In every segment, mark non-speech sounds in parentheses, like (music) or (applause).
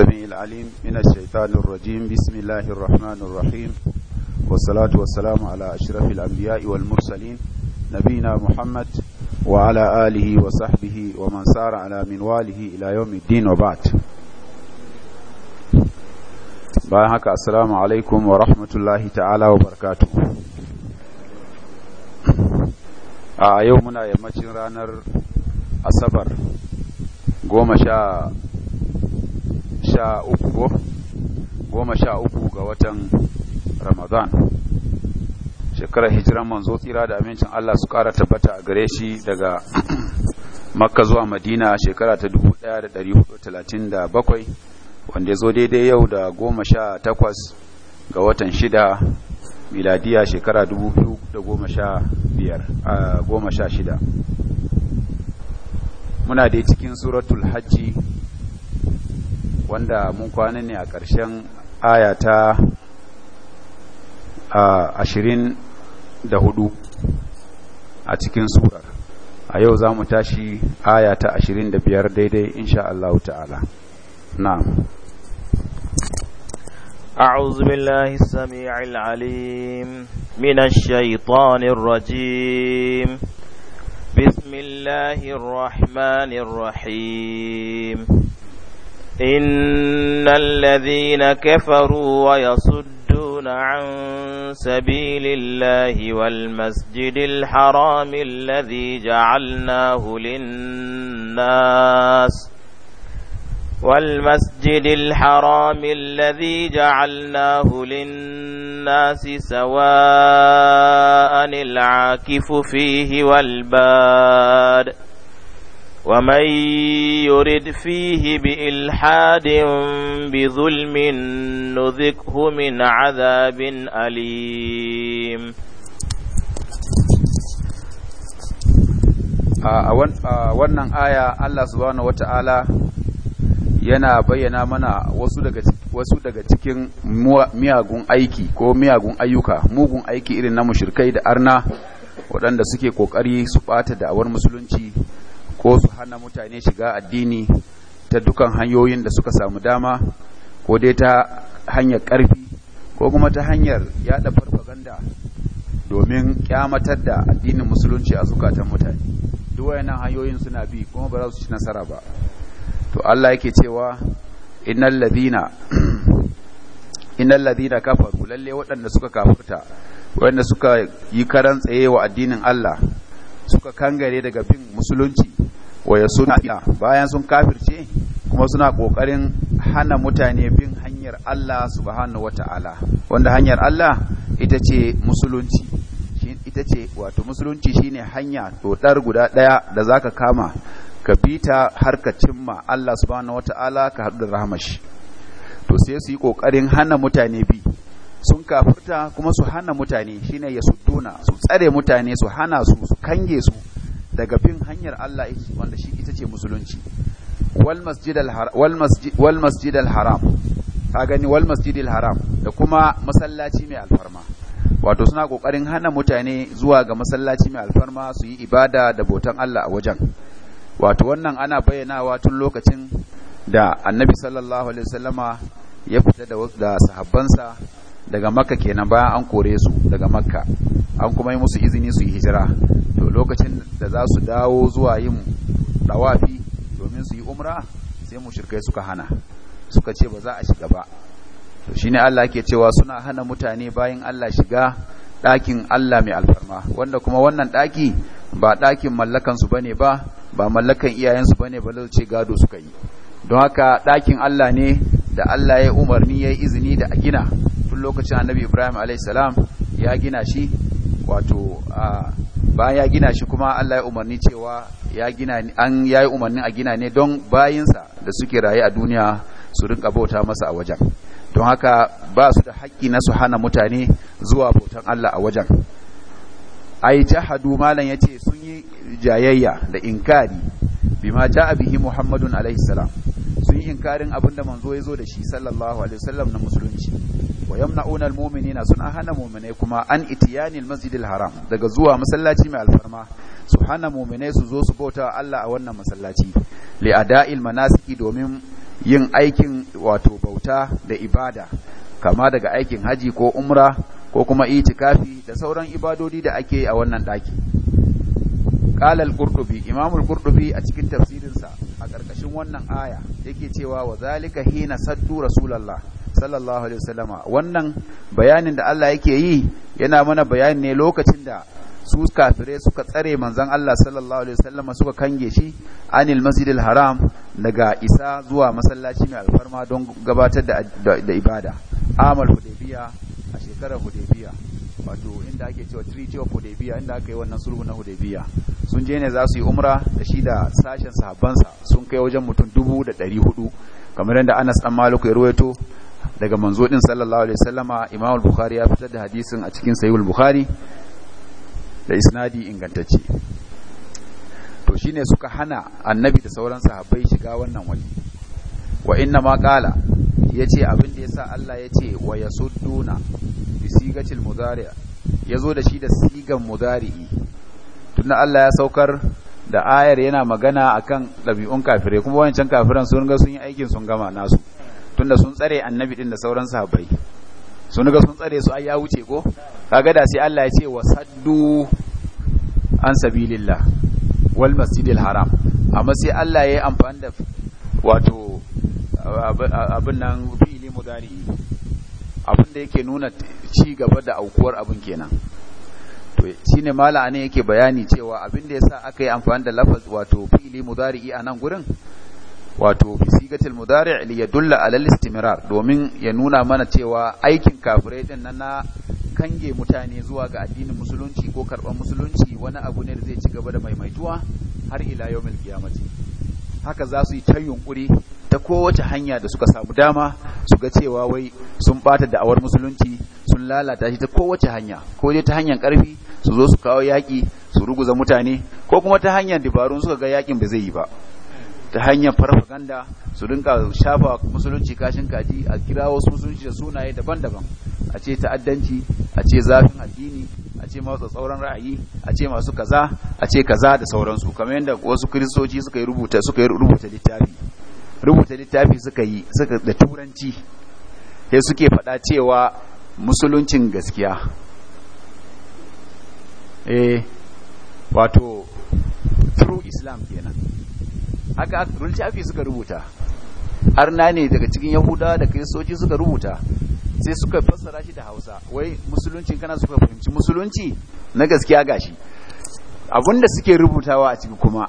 السميع العليم من الشيطان الرجيم بسم الله الرحمن الرحيم والصلاة والسلام على أشرف الأنبياء والمرسلين نبينا محمد وعلى آله وصحبه ومن سار على منواله إلى يوم الدين وبعد باهك السلام عليكم ورحمة الله تعالى وبركاته a yau muna yammacin ranar asabar goma sha sha uku goma sha uku ga watan ramadan shekarar hijiran manzo tsira da amincin allah su kara tabbata a gare shi daga (clears throat) makka zuwa madina shekara ta 1437 wanda ya zo daidai yau da goma sha takwas ga watan shida miladiya shekara goma sha shida muna dai cikin suratul hajji wanda mun kwana ne a ƙarshen aya ta ashirin da hudu a cikin surar a yau za mu tashi aya ta ashirin da biyar daidai insha Allah ta'ala na'am أعوذ بالله السميع العليم من الشيطان الرجيم بسم الله الرحمن الرحيم إن الذين كفروا ويصدون عن سبيل الله والمسجد الحرام الذي جعلناه للناس والمسجد الحرام الذي جعلناه للناس سواء العاكف فيه والباد ومن يرد فيه بإلحاد بظلم نذقه من عذاب أليم a wannan aya Allah subhanahu wata'ala yana bayyana mana wasu daga wasu daga cikin miyagun aiki ko miyagun ayyuka mugun aiki irin na mushrikai da arna waɗanda suke kokari su ɓata da'awar musulunci ko su hana mutane shiga addini ta dukan hanyoyin da suka samu dama ko dai ta hanyar ƙarfi ko kuma ta hanyar yada farfaganda domin kyamatar da addinin musulunci a zukatan mutane duk wayannan hanyoyin suna bi kuma ba za su ci nasara ba to Allah yake cewa innal ladina (clears throat) innal ladina kafaru lalle waɗanda suka kafurta waɗanda suka yi karan tsaye wa addinin Allah suka kangare daga bin musulunci waya suna bayan sun kafirce kuma suna kokarin hana mutane bin hanyar Allah subhanahu wata'ala wanda hanyar Allah ita ce musulunci ita ce wato musulunci shine hanya totar guda daya da za ka kama ka bita har ka cimma Allah subhanahu wata'ala ka haɗu da rahmashi to sai su yi kokarin hana mutane bi sun kafurta kuma su hana mutane shine ya sudduna su tsare mutane su hana su su kange su daga bin hanyar Allah wanda shi ita ce musulunci wal masjid al haram ka gani wal masjid al haram da kuma masallaci mai alfarma wato suna kokarin hana mutane zuwa ga masallaci mai alfarma su yi ibada da botan Allah a wajen wato wannan ana bayyanawa tun lokacin da annabi sallallahu alaihi wasallama ya fita da sahabbansa daga makka kenan bayan an kore su daga makka an kuma yi musu izini su yi hijira to lokacin da za su dawo zuwa yin dawafi domin su yi umra sai mu shirkai suka hana suka ce ba za a shiga ba to shine Allah ke cewa suna hana mutane bayan Allah shiga ɗakin Allah mai alfarma wanda kuma wannan ɗaki ba ɗakin mallakansu bane ba ba mallakan iyayensu bane ba ce gado suka yi don haka ɗakin Allah ne da Allah ya umarni ya yi izini da a gina lokacin annabi ibrahim alaihissalam ya gina shi wato bayan ya gina shi kuma allah ya umarni cewa ya gina an ya yi umarnin a gina ne don bayinsa da suke raye a duniya su rinka bauta masa a wajen don haka ba su da haƙƙi na su hana mutane zuwa bautan allah a wajen ai jahadu malam ce sun yi jayayya da inkari bima ja'a bihi muhammadun alaihi salam sun yi inkarin abinda manzo ya zo da shi sallallahu alaihi wasallam na musulunci wa yamna'una almu'minina suna hana mu'minai kuma an itiyani almasjidil haram daga zuwa masallaci mai alfarma su hana mu'minai su zo su bauta Allah a wannan masallaci li ada'il manasiki domin yin aikin wato bauta da ibada kama daga aikin haji ko umra ko kuma itikafi da sauran ibadodi da ake a wannan daki qala al imamul imam a cikin tafsirinsa a ƙarƙashin wannan aya yake cewa wa zalika hina saddu rasulullah sallallahu alaihi wasallama wannan bayanin da Allah yake yi yana mana bayani ne lokacin da su kafire suka tsare manzon Allah sallallahu alaihi wasallama suka kange shi anil masjidil haram daga isa zuwa masallaci mai alfarma don gabatar da, da, ibada amal hudaybiya a shekarar hudaybiya wato inda ake cewa treaty of hudaybiya inda aka yi wannan sulhu na hudaybiya sun je ne za su yi umra da shi da sashen sahabbansa sun kai wajen mutum dubu da ɗari hudu kamar yadda anas dan maluku ya ruwaito daga manzo din sallallahu alaihi wasallama imamu al-Bukhari ya fitar da hadisin a cikin Sahih al-Bukhari da isnadi ingantacce to shine suka hana annabi da sauran sahabbai shiga wannan waje wa inna ma qala yace abin da yasa Allah yace wa yasudduna bi sigatil mudari yazo da shi da sigan muzari'i. tunda Allah ya saukar da ayar yana magana akan dabi'un kafirai kuma wancan kafiran sun ga sun yi aikin sun gama nasu tunda sun tsare annabi din da sauran sahabbai sun ga sun tsare su ai ya wuce ko kaga da sai Allah ya ce wasaddu an sabilillah wal masjidil haram amma sai Allah ya yi amfani da wato abin nan fili mudari abin da yake nuna ci gaba da aukuwar abin kenan to shine malama ne yake bayani cewa abin da yasa aka yi amfani da lafaz wato fili mudari a nan gurin wato fi sigatil mudari' li yadulla ala al-istimrar domin ya nuna mana cewa aikin kafirai din na kange mutane zuwa ga addinin musulunci ko karban musulunci wani abu ne da zai ci gaba da maimaituwa har ila yawmil qiyamati haka za su yi ta yunkuri ta kowace hanya da suka samu dama su ga cewa wai sun bata da'awar musulunci sun lalata shi ta kowace hanya ko dai ta hanyar karfi su zo su kawo yaki su ruguza mutane ko kuma ta hanyar dabarun suka ga yakin ba zai yi ba ta hanyar farfaganda su dinka shafa musulunci kashin kaji a kira wasu musulunci da sunaye daban-daban a ce ta'addanci a ce zafin addini a ce masu tsauran ra'ayi a ce masu kaza a ce kaza da sauransu kamar yadda wasu kiristoci suka yi rubuta suka yi rubuta littafi rubuta littafi suka yi suka da turanci sai suke faɗa cewa musuluncin gaskiya eh wato true islam kenan haka aka littafi suka rubuta arna ne daga cikin Yahuda da kristoci suka rubuta sai suka fassara shi da hausa wai musulunci kana suka fahimci musulunci na gaskiya gashi abinda suke rubutawa a ciki kuma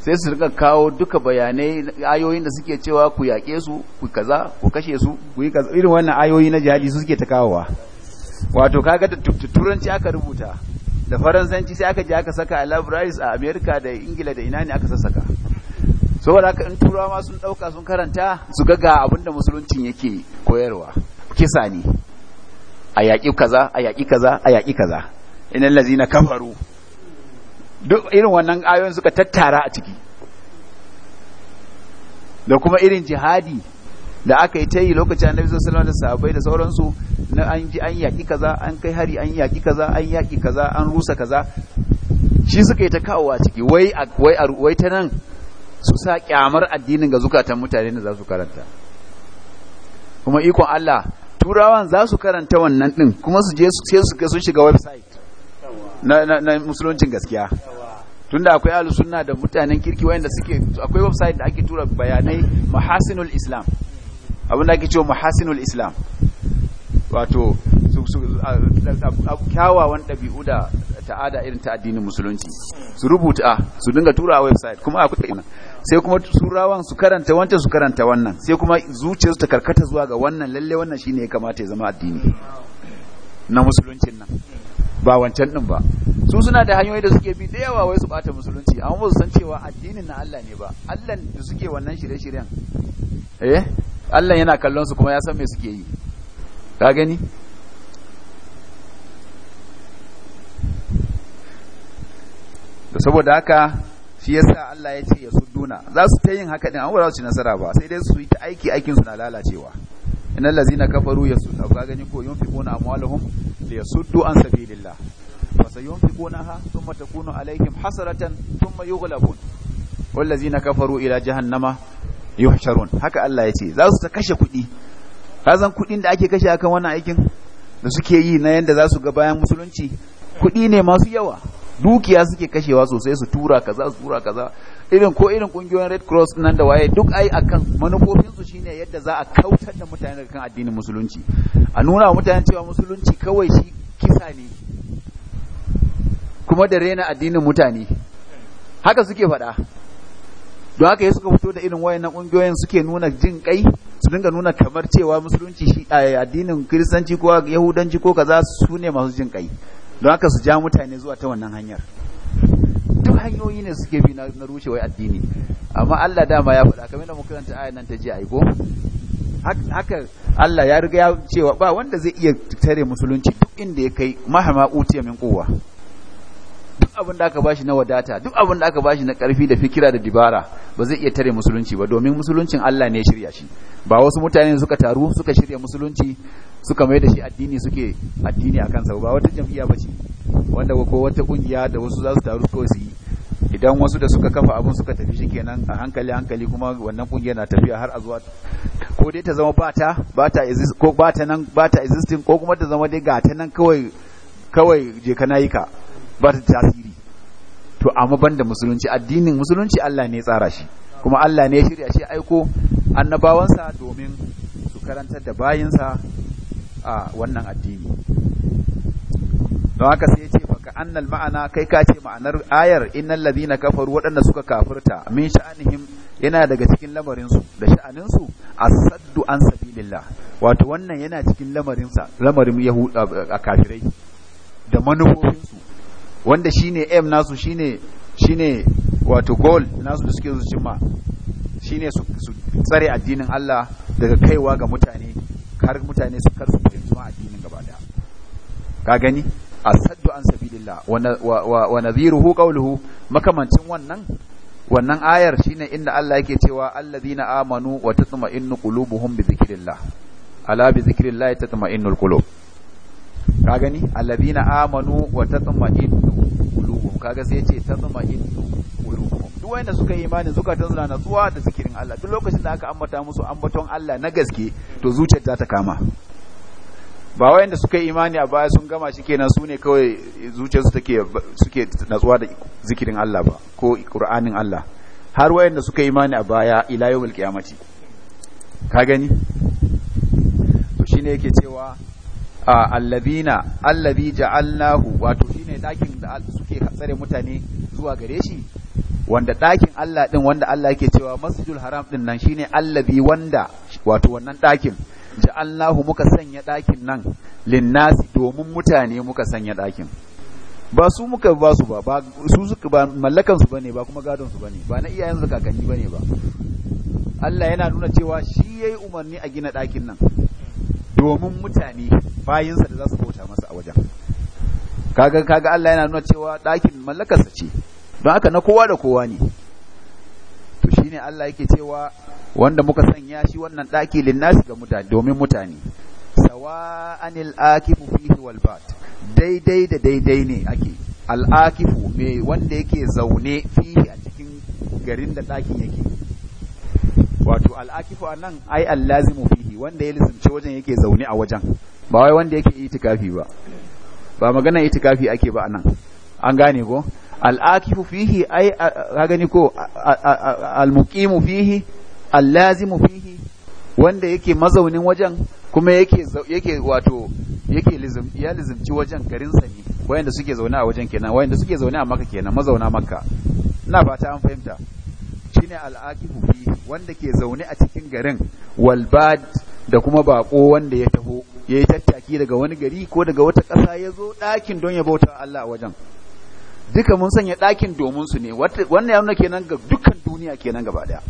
sai su rika kawo duka bayanai ayoyin da suke cewa ku yaƙe su ku kaza ku kashe su ku yi kaza irin wannan ayoyi na jihadi su suke ta kawowa wato kaga da turanci aka rubuta da faransanci sai aka je aka saka a libraries a america da ingila da ina ne aka sassaka saboda haka in turawa ma sun dauka sun karanta su ga ga abinda musuluncin yake koyarwa kisa ne a yaƙi kaza a yaƙi kaza a yaƙi kaza inan lazina kafaru duk irin wannan ayoyin suka tattara a ciki da kuma irin jihadi da aka yi ta yi lokacin annabi sallallahu alaihi wasallam da sahabbai da sauransu na an ji an yaƙi kaza an kai hari an yaƙi kaza an yaƙi kaza an rusa kaza shi suka yi ta kawo a ciki wai wai ta nan su sa kyamar addinin ga zukatan mutane da za su karanta kuma ikon Allah turawan za su karanta wannan ɗin kuma su je sai su sun shiga website na musuluncin gaskiya tunda akwai ahlus da mutanen kirki wayanda suke akwai website da ake tura bayanai mahasinul islam abin da ake cewa mahasinul islam wato kyawawan ɗabi'u da ta'ada irin ta addinin musulunci su rubuta su dinga tura a website kuma a kuɗi sai kuma turawan su karanta wancan su karanta wannan sai kuma zuciya su ta karkata zuwa ga wannan lalle wannan shine ya kamata ya zama addini na musuluncin nan ba wancan din ba su suna da hanyoyi da suke bi da yawa wai su bata musulunci amma ba su san cewa addinin na Allah ne ba Allah da suke wannan shirye-shiryen eh Allah yana kallon su kuma ya san me suke yi ka gani to saboda haka shi yasa Allah ya ce ya sudduna za su ta yin haka din an wura su nasara ba sai dai su yi ta aiki aikin su na lalacewa innal ladzina kafaru yasuddu ka gani ko yunfiquna amwaluhum liyasuddu an sabilillah fa sayunfiqunaha thumma takunu alaihim hasratan thumma yughlabun wallazina kafaru ila jahannama yuhsharun haka Allah ya ce za su ta kashe kuɗi ka san kuɗin da ake kashe akan wannan aikin da suke yi na yanda za su ga bayan musulunci kuɗi ne masu yawa dukiya suke kashewa sosai su tura kaza su tura kaza irin ko irin kungiyoyin red cross nan da waye duk ai akan manufofin su shine yadda za a kautar da mutane daga kan addinin musulunci a nuna wa mutane cewa musulunci kawai shi kisa ne kuma da rena addinin mutane haka suke faɗa don haka ya suka fito da irin wayannan kungiyoyin suke nuna jin kai su dinga nuna kamar cewa musulunci shi eh, addinin kiristanci ko yahudanci ko kaza su ne masu jin kai don haka su ja mutane zuwa ta wannan hanyar duk hanyoyi ne suke bi na rushewar addini amma Allah dama ya faɗa kamar da muka karanta ayan nan ta ji aiko haka Allah ya riga ya cewa ba wanda zai iya tare musulunci duk inda ya kai mahama utiya min kowa abin da aka bashi na wadata duk abin da aka bashi na karfi da fikira da dibara ba zai iya tare musulunci ba domin musuluncin Allah ne ya shirya shi ba wasu mutane suka taru suka shirya musulunci suka mai da shi addini suke addini akan sa ba wata jam'iyya ba ce wanda ko wata kungiya da wasu za su taru kawai su yi idan wasu da suka kafa abin suka tafi shikenan a hankali hankali kuma wannan kungiya na tafiya har a zuwa ko dai ta zama bata bata exist ko bata nan bata existing ko kuma ta zama dai gata nan kawai kawai je ka yi ka ba ta tasiri to amma banda musulunci addinin musulunci Allah ne tsara shi kuma Allah ne ya shirya shi aiko annabawansa domin su karantar da bayinsa a wannan addini don haka sai ya ce baka annal ma'ana kai ka ce ma'anar ayar innal ladina kafaru waɗanda suka kafirta min sha'anihim yana daga cikin lamarinsu da sha'aninsu a saddu'an an sabilillah wato wannan yana cikin sa lamarin a kafirai da manufofinsu wanda shine aim nasu shine shine wato goal nasu da suke zuciyar shine su tsare addinin Allah daga kaiwa ga mutane har mutane su karsu fahimci ma addinin gaba daya ka gani asaddu an sabilillah wa nadhiruhu qawluhu makamancin wannan wannan ayar shine inda Allah yake cewa alladhina amanu wa tatma'innu qulubuhum bi dhikrillah ala bi dhikrillah tatma'innul qulub ka gani alladina amanu wa tatma'innu qulubuhum kaga sai yace tatma'innu qulubuhum duk wanda suka yi imani zukatan na natsuwa da zikirin Allah duk lokacin da aka ambata musu ambaton Allah na gaske to zuciyar za ta kama ba wayanda suka yi imani a baya sun gama shi kenan su ne kawai zuciyarsu take suke natsuwa da zikirin Allah ba ko Qur'anin Allah har wayanda suka yi imani a baya ila yawmul qiyamati ka gani to shine yake cewa allabina allabi ja'alnahu wato shine dakin da suke tsare mutane zuwa gare shi wanda dakin Allah din wanda Allah yake cewa masjidul haram din nan shine allabi wanda wato wannan dakin ja'alnahu muka sanya dakin nan linnasi domin mutane muka sanya dakin ba su muka ba su ba su suka ba mallakan su bane ba kuma gadon su bane ba na iyayen su kakanni bane ba Allah yana nuna cewa shi yayi umarni a gina dakin nan domin mutane bayinsa da za su bauta masa a wajen kaga kaga Allah yana nuna cewa ɗakin mallakarsa ce don haka na kowa da kowa ne to shine Allah yake cewa wanda muka sanya shi wannan ɗaki linnasi ga mutane domin mutane Sawa anil akifu fihi wal bat daidai da daidai ne ake al akifu me wanda yake zaune fihi a cikin garin da ɗakin yake wato al'akifu nan ai allazimu fihi wanda ya lizumce wajen yake zaune a wajen ba wai wanda yake itikafi ba ba magana itikafi ake ba a nan an gane ko al'akifu fihi ai ka gani ko almuqimu fihi allazimu fihi wanda yake mazaunin wajen kuma yake wato yake ya lizumci wajen garin sa ne wayanda suke zaune a wajen kenan wayanda suke zaune a Makka kenan mazauna Makka ina fata an fahimta shine al'aqibu fi wanda ke zaune a cikin garin walbad da kuma baƙo wanda ya taho yayi tattaki daga wani gari ko daga wata ƙasa ya zo ɗakin don ya bauta Allah a wajen duka mun sanya ɗakin domin su ne wannan ya nuna kenan ga dukkan duniya kenan gaba daya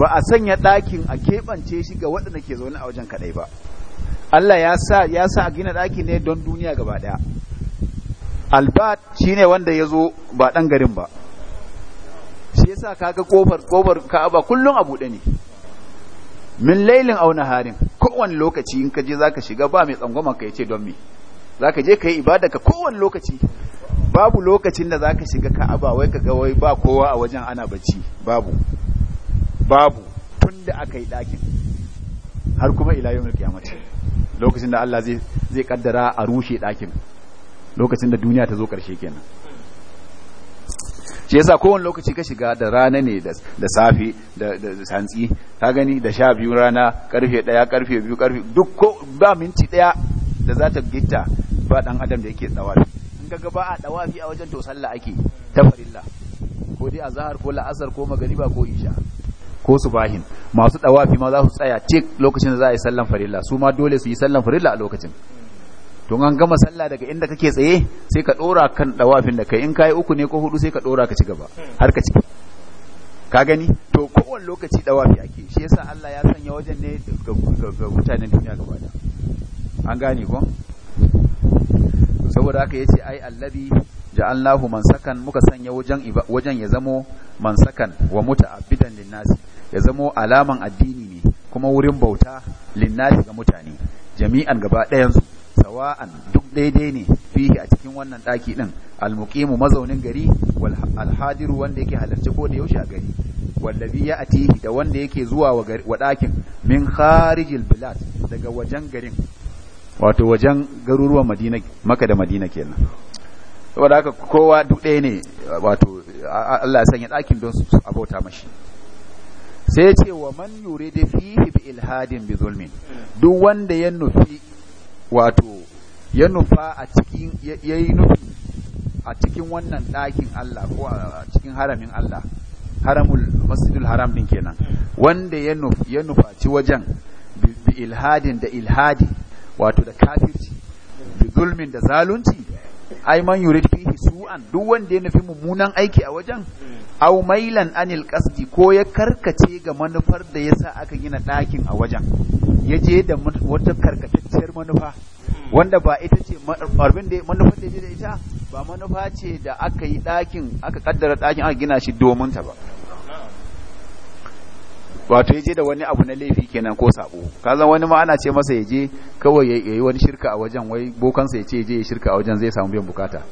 ba a sanya ɗakin a keɓance shi ga waɗanda ke zaune a wajen kaɗai ba Allah ya sa ya sa a gina ɗaki ne don duniya gaba daya albat shine wanda ya zo ba ɗan garin ba shi yasa kaga kofar kofar Ka'aba kullun a buɗe ne min lailin aw naharin kowane lokaci in ka je zaka shiga ba mai tsangwama ka yace don me zaka je kai ibada ka kowane lokaci babu lokacin da zaka shiga Ka'aba wai kaga wai ba kowa a wajen ana bacci babu babu tunda aka yi dakin har kuma ila yau kiyamata lokacin da Allah zai zai kaddara a rushe dakin lokacin da duniya ta zo karshe kenan shi yasa kowane lokaci ka shiga da rana ne da safe da santsi ka gani da sha biyu rana karfe daya karfe biyu karfe duk ko ba minti daya da za ta gita ba dan adam da yake tsawafi in ga ba a tsawafi a wajen to sallah ake ta farilla ko dai zahar, ko la'asar ko magariba ko isha ko su subahin masu tsawafi ma za su tsaya cik lokacin da za a yi sallan farilla su ma dole su yi sallan farilla a lokacin to an gama sallah daga inda kake tsaye sai ka dora kan dawafin da kai in kai uku ne ko hudu sai ka dora ka ci gaba har ka ci ka gani to kowan lokaci dawafi ake shi yasa Allah ya sanya wajen ne ga mutanen duniya gaba da an gane ko saboda haka yace ai allazi ja'alnahu mansakan muka sanya wajen wajen ya zamo mansakan wa muta'abbidan linnasi ya zamo alaman addini ne kuma wurin bauta linnasi ga mutane jami'an gaba ɗayan su sawa'an duk daidai ne fihi a cikin wannan ɗaki ɗin almuqimu mazaunin gari wal alhadiru wanda yake halarci ko da yaushe a gari wallabi ya atihi da wanda yake zuwa wa dakin min kharijil bilad daga wajen garin wato wajen garuruwan Madina Makka da Madina kenan saboda haka kowa duk daya ne wato Allah ya sanya dakin don su abauta mashi sai ya ce wa man yuridu fihi bi ilhadin bi zulmin duk wanda ya nufi wato ya nufa a cikin ya yi nufi a cikin wannan ɗakin Allah ko a cikin haramin Allah haramul masjidul haram din kenan wanda ya ya nufaci wajen bi da ilhadi wato da kafirci bi zulmin da zalunci ai man yurid fihi su'an duk wanda ya nufi mummunan aiki a wajen aw mailan anil qasdi ko ya karkace ga manufar da yasa aka gina ɗakin a wajen ya je da wata karkatacciyar manufa wanda ba ita ce abin da manufar da da ita ba manufa ce da aka yi ɗakin aka kaddara ɗakin aka gina shi domin ta ba wato ya je da wani abu na laifi kenan ko sabo kaza wani ma ana ce masa ya je kawai ya yi wani shirka a wajen wai bokansa ya ce je ya shirka a wajen zai samu biyan bukata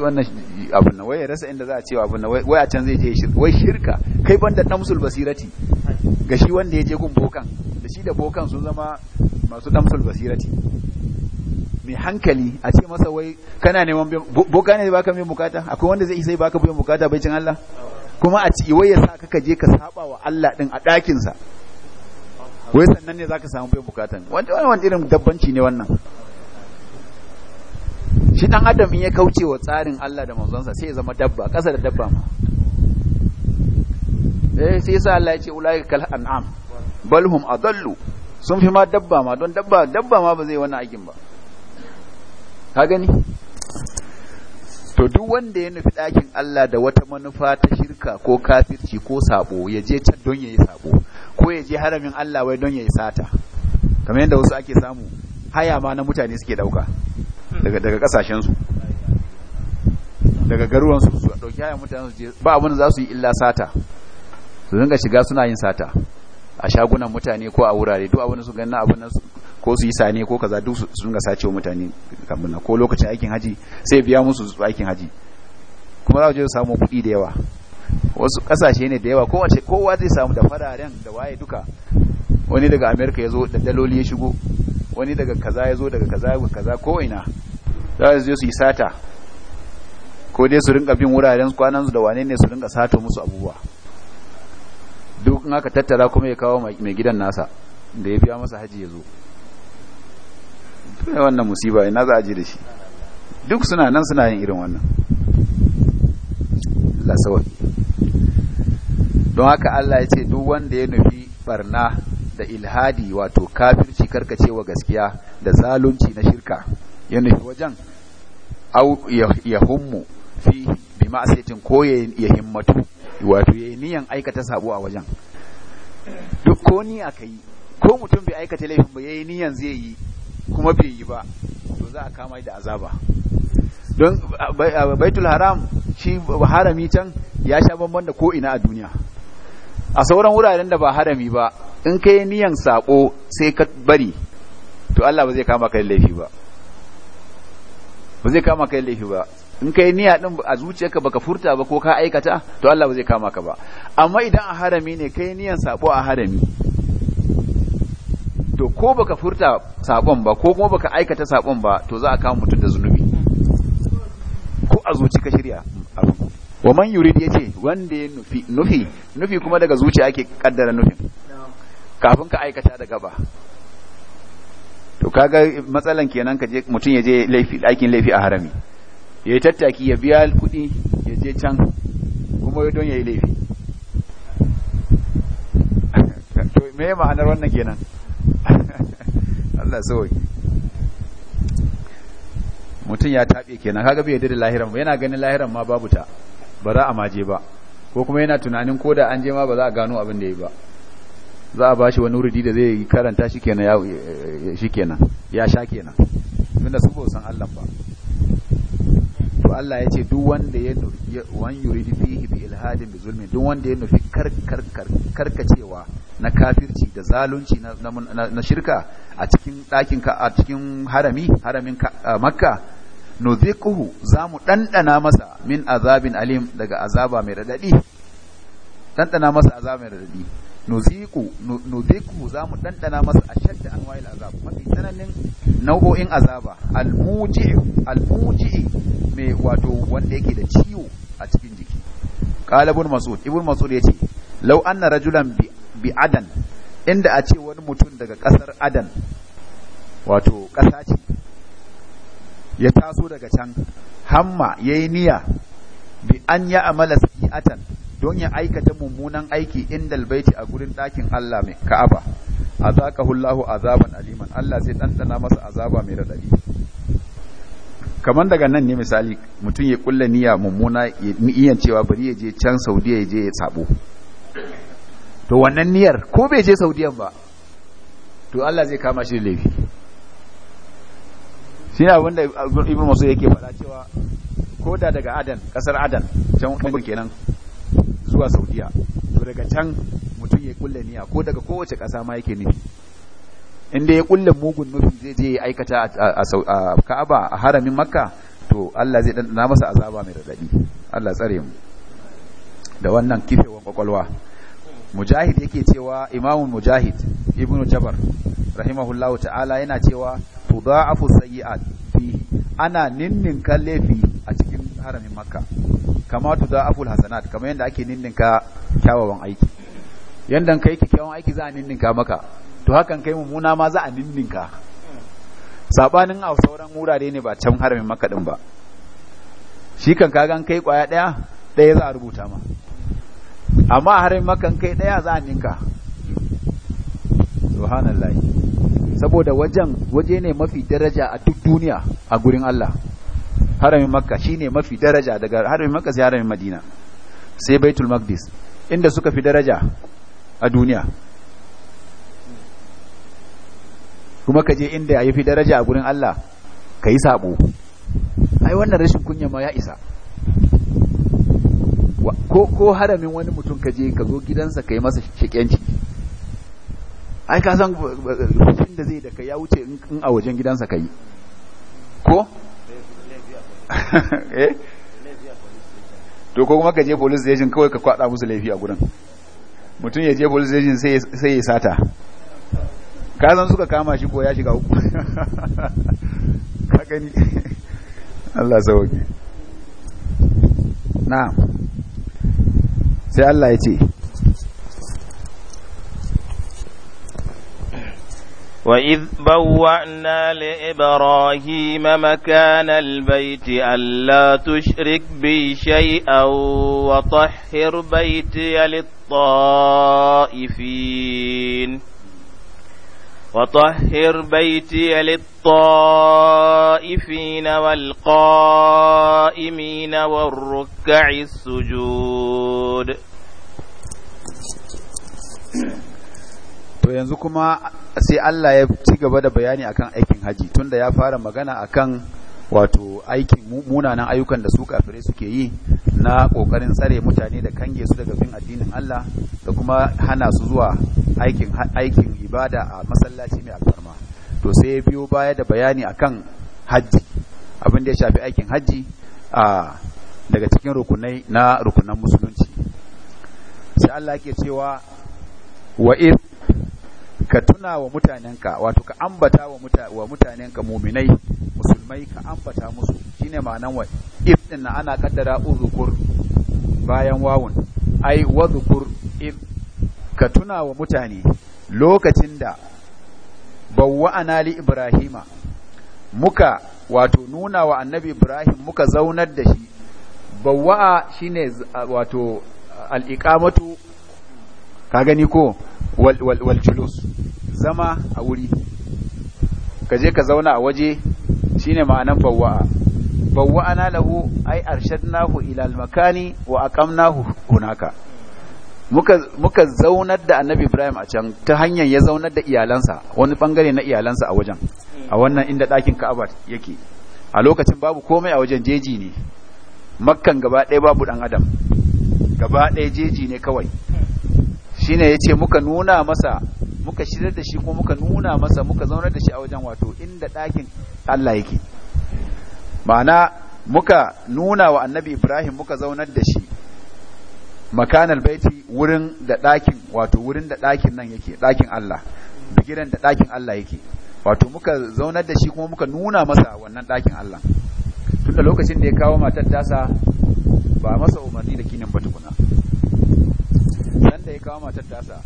wannan abu na wai ya rasa inda za a cewa abu na wai a can zai je ya shirka wai shirka kai ban da damsul basirati ga shi wanda ya je gun bokan da shi da bokan sun zama masu damsul basirati mai hankali a ce masa wai kana neman boka ne baka biyan bukata akwai wanda zai isa baka biyan bukata bai cin Allah kuma a ci wai ya sa ka je ka saba wa Allah din a ɗakinsa wai sannan ne zaka samu bai bukatan wanda wani irin dabbanci ne wannan shi dan adam in ya kauce wa tsarin Allah da manzonsa sai ya zama dabba ƙasa da dabba ma eh sai sa Allah ya ce ulai kal an'am bal hum adallu sun fi ma dabba ma don dabba dabba ma ba zai wannan aikin ba ka gani to duk wanda ya nufi ɗakin Allah da wata manufa ta shirka ko kafirci ko sabo ya je can don ya yi sabo ko ya je haramin Allah wai don ya yi sata kamar yadda wasu ake samu haya ma na mutane suke dauka daga kasashensu. daga garuwansu su ɗauki dauki haya mutane su je ba abin za su yi illa sata su dinga shiga suna yin sata a shagunan mutane ko a wurare duk abin su ganna abin ko su yi sane ko kaza duk su dinga sace wa mutane kamuna ko lokacin aikin haji sai biya musu aikin haji kuma za su je su samu kuɗi da yawa wasu kasashe ne da yawa kowace kowa zai samu da fararen da waye duka wani daga amerika ya zo da daloli ya shigo wani daga kaza ya zo daga kaza daga kaza ko ina za su je su yi sata ko dai su rinka bin wuraren kwanan su da wane ne su rinka sato musu abubuwa duk in aka tattara kuma ya kawo mai gidan nasa da ya biya masa haji ya zo sai wannan musiba ina za a ji da shi duk suna nan suna yin irin wannan lasawar don haka Allah ya ce duk wanda ya nufi barna da ilhadi wato kafirci karkacewa gaskiya da zalunci na shirka ya nufi wajen au ya hummu fi bi ma'asiyatin ko ya himmatu wato ya yi niyan aikata sabo a wajen duk ko ni aka yi ko mutum bai aikata laifin ba ya yi niyan zai yi kuma bai yi ba to za a kama da azaba don baitul haram shi harami can ya sha bamban da ko ina a duniya a sauran wuraren da ba harami ba in ka yi niyan sako sai ka bari to Allah ba zai kama ka laifi ba ba zai kama ka laifi ba in ka yi niyya din a zuciyarka baka furta ba ko ka aikata to Allah ba zai kama ka ba amma idan a harami ne ka yi niyan sako a harami to ko baka furta sabon ba ko kuma baka aikata sabon ba to za a kama mutum da zunubi ko a zuci ka shirya abu wa man yurid yace wanda ya nufi nufi nufi kuma daga zuciya ake kaddara nufin kafin ka aikata da gaba to kaga matsalan kenan ka je mutum ya je laifi aikin laifi a harami ya yi tattaki ya biya kuɗi ya je can kuma ya don ya yi laifi (laughs) to me ma'anar wannan kenan (laughs) Allah mutum ya taɓe kenan kaga bai yarda da lahiran ba yana ganin lahiran ma babu ta ba za a maje ba ko kuma yana tunanin ko da an je ma ba za a gano abin da ya yi ba za a bashi wani wuri da zai karanta shi kenan ya shi kenan ya sha kenan tunda sun san Allah ba to Allah ya ce duk wanda ya nufi wan yuridu fihi bi ilhadin bi zulmi duk wanda ya nufi karkacewa na kafirci da zalunci na, na, shirka a cikin ɗakin ka a cikin harami haramin makka nuziquhu za mu ɗanɗana masa min azabin alim daga azaba mai radadi dandana masa azaba mai radadi nuziku nuziku za mu dandana masa ashadda anwa'il azab mafi tsananin nau'o'in azaba almuji almuji mai wato wanda yake da ciwo a cikin jiki qala ibn mas'ud ibn mas'ud yace law anna rajulan bi, adan inda a ce wani mutum daga kasar adan wato kasa ce ya taso daga can hamma yayi niyya bi an ya amala sayi'atan don ya aikata mummunan aiki inda albaiti a gurin ɗakin Allah mai Ka'aba a za ka hulahu a zaben aliman Allah sai ɗanɗana masa azaba mai raɗaɗi. kamar daga nan ne misali mutum ya kulle niyya mummuna niyan cewa bari ya je can Saudiya ya je ya sabo to wannan niyyar ko bai je Saudiyan ba to Allah zai kama shi da laifi shi ne abinda ibn masu yake faɗa cewa ko da daga adan ƙasar adan can kenan zuwa saudiya to daga can mutum ya kulle niya ko daga kowace ƙasa ma yake nufi inda ya kulle mugun nufin zai je ya aikata a ka'aba a haramin makka to allah zai ɗanɗana masa azaba mai raɗaɗi allah tsare mu da wannan kifewan kwakwalwa mujahid yake cewa imamu mujahid ibnu jabar rahimahullahu ta'ala yana cewa tudha'afu sayyi'at fihi ana ninninka laifi a cikin haramin makka kama tu za hasanat kamar yadda ake ninninka kyawawan aiki yadda kai kyawawan aiki za a ninninka maka to hakan kai mummuna ma za a ninninka sabanin a sauran wurare ne ba can haramin makka din ba shi kan kagan kai kwaya daya daya za a rubuta ma amma haramin makka kai daya za a ninka subhanallahi saboda wajen waje ne mafi daraja a duk duniya a gurin Allah haramin makka shi ne mafi daraja daga haramin makka sai haramin madina sai baitul maqdis inda suka fi daraja a duniya kuma ka je inda ya fi daraja a gurin Allah ka yi saɓo. ai wannan rashin kunya ma ya isa ko haramin wani mutum ka je ka zo gidansa ka yi masa shekenci ai ka san hutun eh, da zai da ka ya wuce in a wajen gidansa ka yi ko (laughs) eh to ko kuma ka je police station kawai ka kwada musu laifi a gurin mutum ya je police station sai ya sata ka san suka kama shi ko ya shiga uku (laughs) ka gani Allah sauke Na sai Allah ya ce وإذ بوأنا لإبراهيم مكان البيت ألا تشرك بي شيئا وطهر بيتي للطائفين وطهر بيتي للطائفين والقائمين والركع السجود sai Allah ya ci gaba da bayani akan aikin haji tunda ya fara magana akan wato aikin munanan ayyukan da su kafirai suke yi na kokarin tsare mutane da kange su daga bin addinin Allah da kuma hana su zuwa aikin aikin ibada a masallaci mai alfarma to sai ya biyo baya da bayani akan haji abin da ya shafi aikin haji a daga cikin rukunai na rukunan musulunci sai Allah ke cewa wa ka tuna wa mutanenka wato ka ambata wa, wa mutanenka muminai musulmai ka ambata musu shine ma'anan wa if din na ana kaddara uzukur bayan wawun ai wa zukur if ka tuna wa mutane lokacin da bawwa anali ibrahima muka wato nuna wa annabi ibrahim muka zaunar da shi bawwa'a shine wato al-iqamatu ka gani ko waljulus zama a wuri ka je ka zauna a waje shine ma'anan bawwa'a na lahu ai arshadnahu ila ilal makani wa aqamnahu hunaka muka muka zaunar da annabi Ibrahim a can ta hanyar ya zaunar da iyalansa wani bangare na iyalansa a wajen a wannan inda ɗakin Ka'aba yake a lokacin babu komai a wajen jeji ne makkan gaba ɗaya babu ɗan adam gaba ɗaya jeji ne kawai shine yace muka nuna masa muka shirar da shi ko muka nuna masa muka zaunar da shi a wajen wato inda ɗakin Allah yake ma'ana muka nuna wa annabi Ibrahim muka zaunar da shi makanal baiti wurin da ɗakin wato wurin da ɗakin nan yake ɗakin Allah bigiran da ɗakin Allah yake wato muka zaunar da shi kuma muka nuna masa wannan ɗakin Allah tunda lokacin da ya kawo matar tasa ba masa umarni da kinin ba tukuna nan da ya kama matar tasa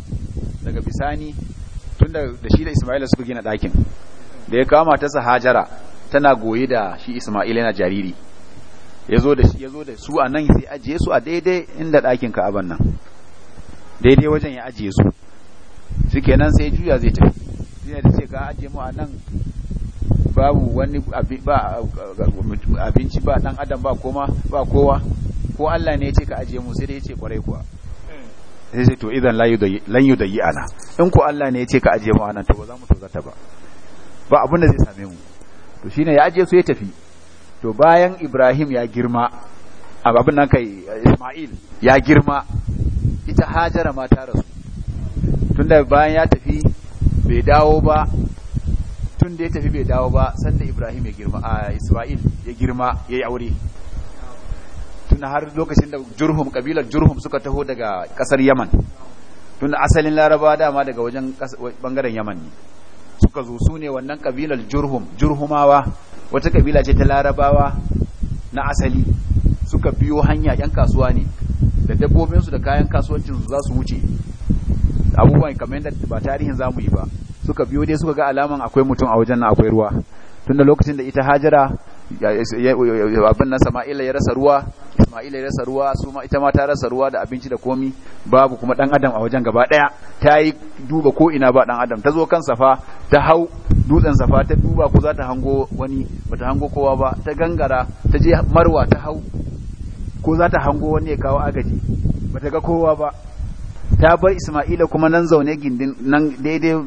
daga bisani tun da shi da Isma'ila suka gina ɗakin da ya kama matarsa Hajara tana goyi da shi Isma'ila yana jariri Ya zo da shi ya zo da su a nan sai ajiye su a daidai inda ɗakin Ka'aban nan daidai wajen ya ajiye su nan sai juya zai tafi yana da ce ka ajiye mu a nan babu wani abinci ba ɗan adam ba kowa ko Allah ne ya ce ka ajiye mu sai dai ya ce kwarai kuwa sai sai to idan lan yudayi ana in ku Allah ne ya ce ka ajiye mu anan to ba za mu tozarta ba ba abin da zai same mu to shine ya ajiye su ya tafi to bayan Ibrahim ya girma babin nan kai Ismail ya girma ita Hajara ma ta rasu tunda bayan ya tafi bai dawo ba tun da ya tafi bai dawo ba sanda Ibrahim ya girma a Ismail ya girma yayi aure tuna har lokacin da jurhum kabilar jurhum suka taho daga kasar yaman tuna asalin laraba dama daga wajen bangaren yaman ne suka zo su ne wannan kabilar jurhum jurhumawa wata kabila ce ta larabawa na asali suka biyo hanya yan kasuwa ne da dabbobinsu da kayan kasuwancinsu za su wuce abubuwan kamar yadda ba tarihin zamu yi ba suka biyo dai suka ga alaman akwai mutum a wajen na akwai ruwa tunda lokacin da ita hajara abin nan sama'ila ya rasa ruwa sama'ila ya rasa ruwa su ma ita ma ta rasa ruwa da abinci da komi babu kuma dan adam a wajen gaba daya ta yi duba ko ina ba dan adam ta zo kan safa ta hau dutsen safa ta duba ko za ta hango wani ba ta hango kowa ba ta gangara ta je marwa ta hau ko za ta hango wani ya kawo agaji ba ta ga kowa ba ta bar isma'ila kuma nan zaune gindin nan daidai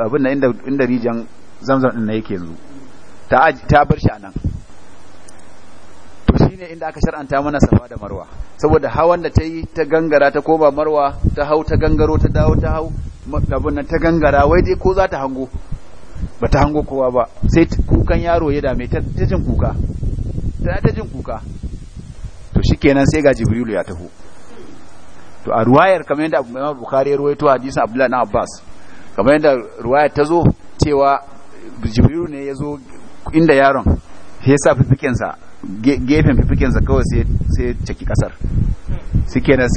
abin nan inda rijan zamzam din na yake yanzu ta ta bar shi anan to shine inda aka shar'anta mana safa da marwa saboda hawan da ta yi ta gangara ta koma marwa ta hau ta gangaro ta dawo ta hau abin nan ta gangara wai dai ko za ta hango ba ta hango kowa ba sai kukan yaro ya dame ta jin kuka ta ta jin kuka to shikenan sai ga jibrilu ya taho to a ruwayar kamar yadda Imam bukari ya ruwaito hadisin Abdullah ibn Abbas kamar yadda ruwayar ta zo cewa jibrilu ne ya zo inda yaron sai sa fifikinsa gefen fifikinsa kawai sai caki kasar suke na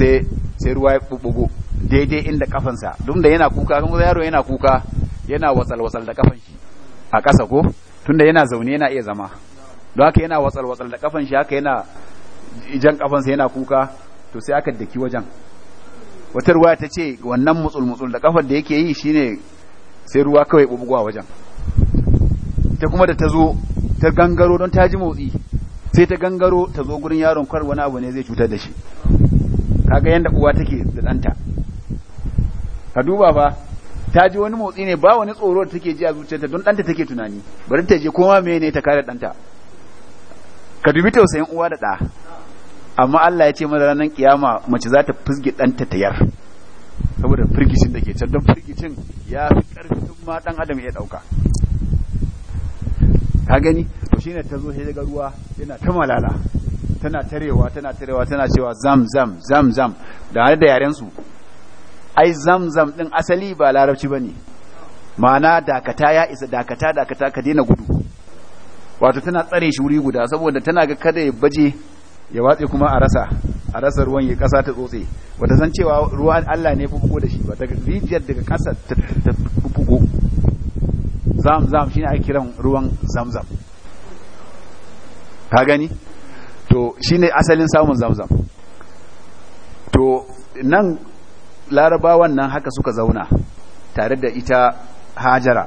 sai ruwa ya bubugo daidai inda kafansa duk da yana kuka kan yaro yana kuka yana watsal-watsal da kafan shi a ƙasa ko tunda yana zaune yana iya zama don haka yana watsal-watsal da kafan shi haka yana jan kafansa yana kuka to sai aka daki wajen wata ruwa ta ce wannan mutsul-mutsul da kafan da yake yi shine sai ruwa kawai bubugo a wajen ta kuma da ta zo ta gangaro don ta ji motsi sai ta gangaro ta zo gurin yaron kwar wani abu ne zai cutar da shi kaga yanda uwa take da ɗanta ka duba fa ta ji wani motsi ne ba wani tsoro da take ji a zuciyarta don ɗanta take tunani bari ta je koma me ne ta kare ɗanta ka dubi tausayin uwa da ɗa amma Allah ya ce mana ranar kiyama mace za ta fizge ɗanta ta yar saboda firgicin da ke can don firgicin ya fi ƙarfin ma ɗan adam ya ɗauka ka gani to shine ta zo sai ga ruwa yana ta malala tana tarewa tana tarewa tana cewa zam zam zam zam da har da yaren su ai zam zam din asali ba larabci bane ma'ana dakata ya isa dakata dakata ka daina gudu wato tana tsare shi wuri guda saboda tana ga kada ya baje ya watse kuma a rasa a rasa ruwan ya kasa ta tsotse wata san cewa ruwan Allah ne bubugo da shi ba ta rijiyar daga kasa ta bubugo zamzam shine ake kiran ruwan zamzam ka gani to shine asalin samun zamzam to nan larabawan nan haka suka zauna tare da ita hajara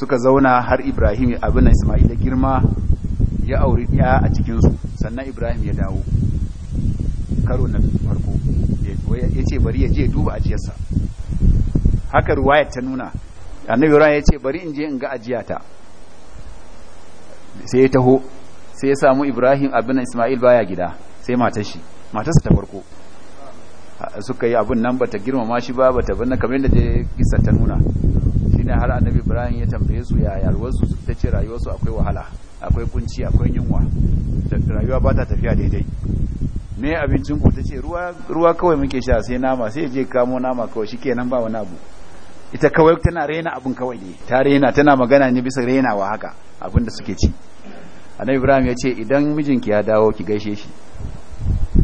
suka zauna har ibrahim abin ismail da girma ya auri ya a cikinsu sannan ibrahim ya dawo karo na farko ya ce bari ya je duba ajiyarsa haka ruwayar ta nuna annabi ibrahim ya ce bari in je in ga ajiyata sai ya taho sai ya samu ibrahim abin isma'il baya gida sai matar shi matarsa ta farko suka yi abin nan bata girmama shi ba bata binne kamar yadda kisa ta nuna shine har annabi ibrahim ya tambaye su ya yarwar su ta ce rayuwar akwai wahala akwai kunci akwai yunwa rayuwa ba ta tafiya daidai me abincin ku tace ruwa ruwa kawai muke sha sai nama sai je kamo nama kawai kenan ba wani abu ita kawai tana rena abin kawai ne ta rena tana magana ne bisa renawa haka abin da suke ci annabi ibrahim ya ce idan mijinki ya dawo ki gaishe shi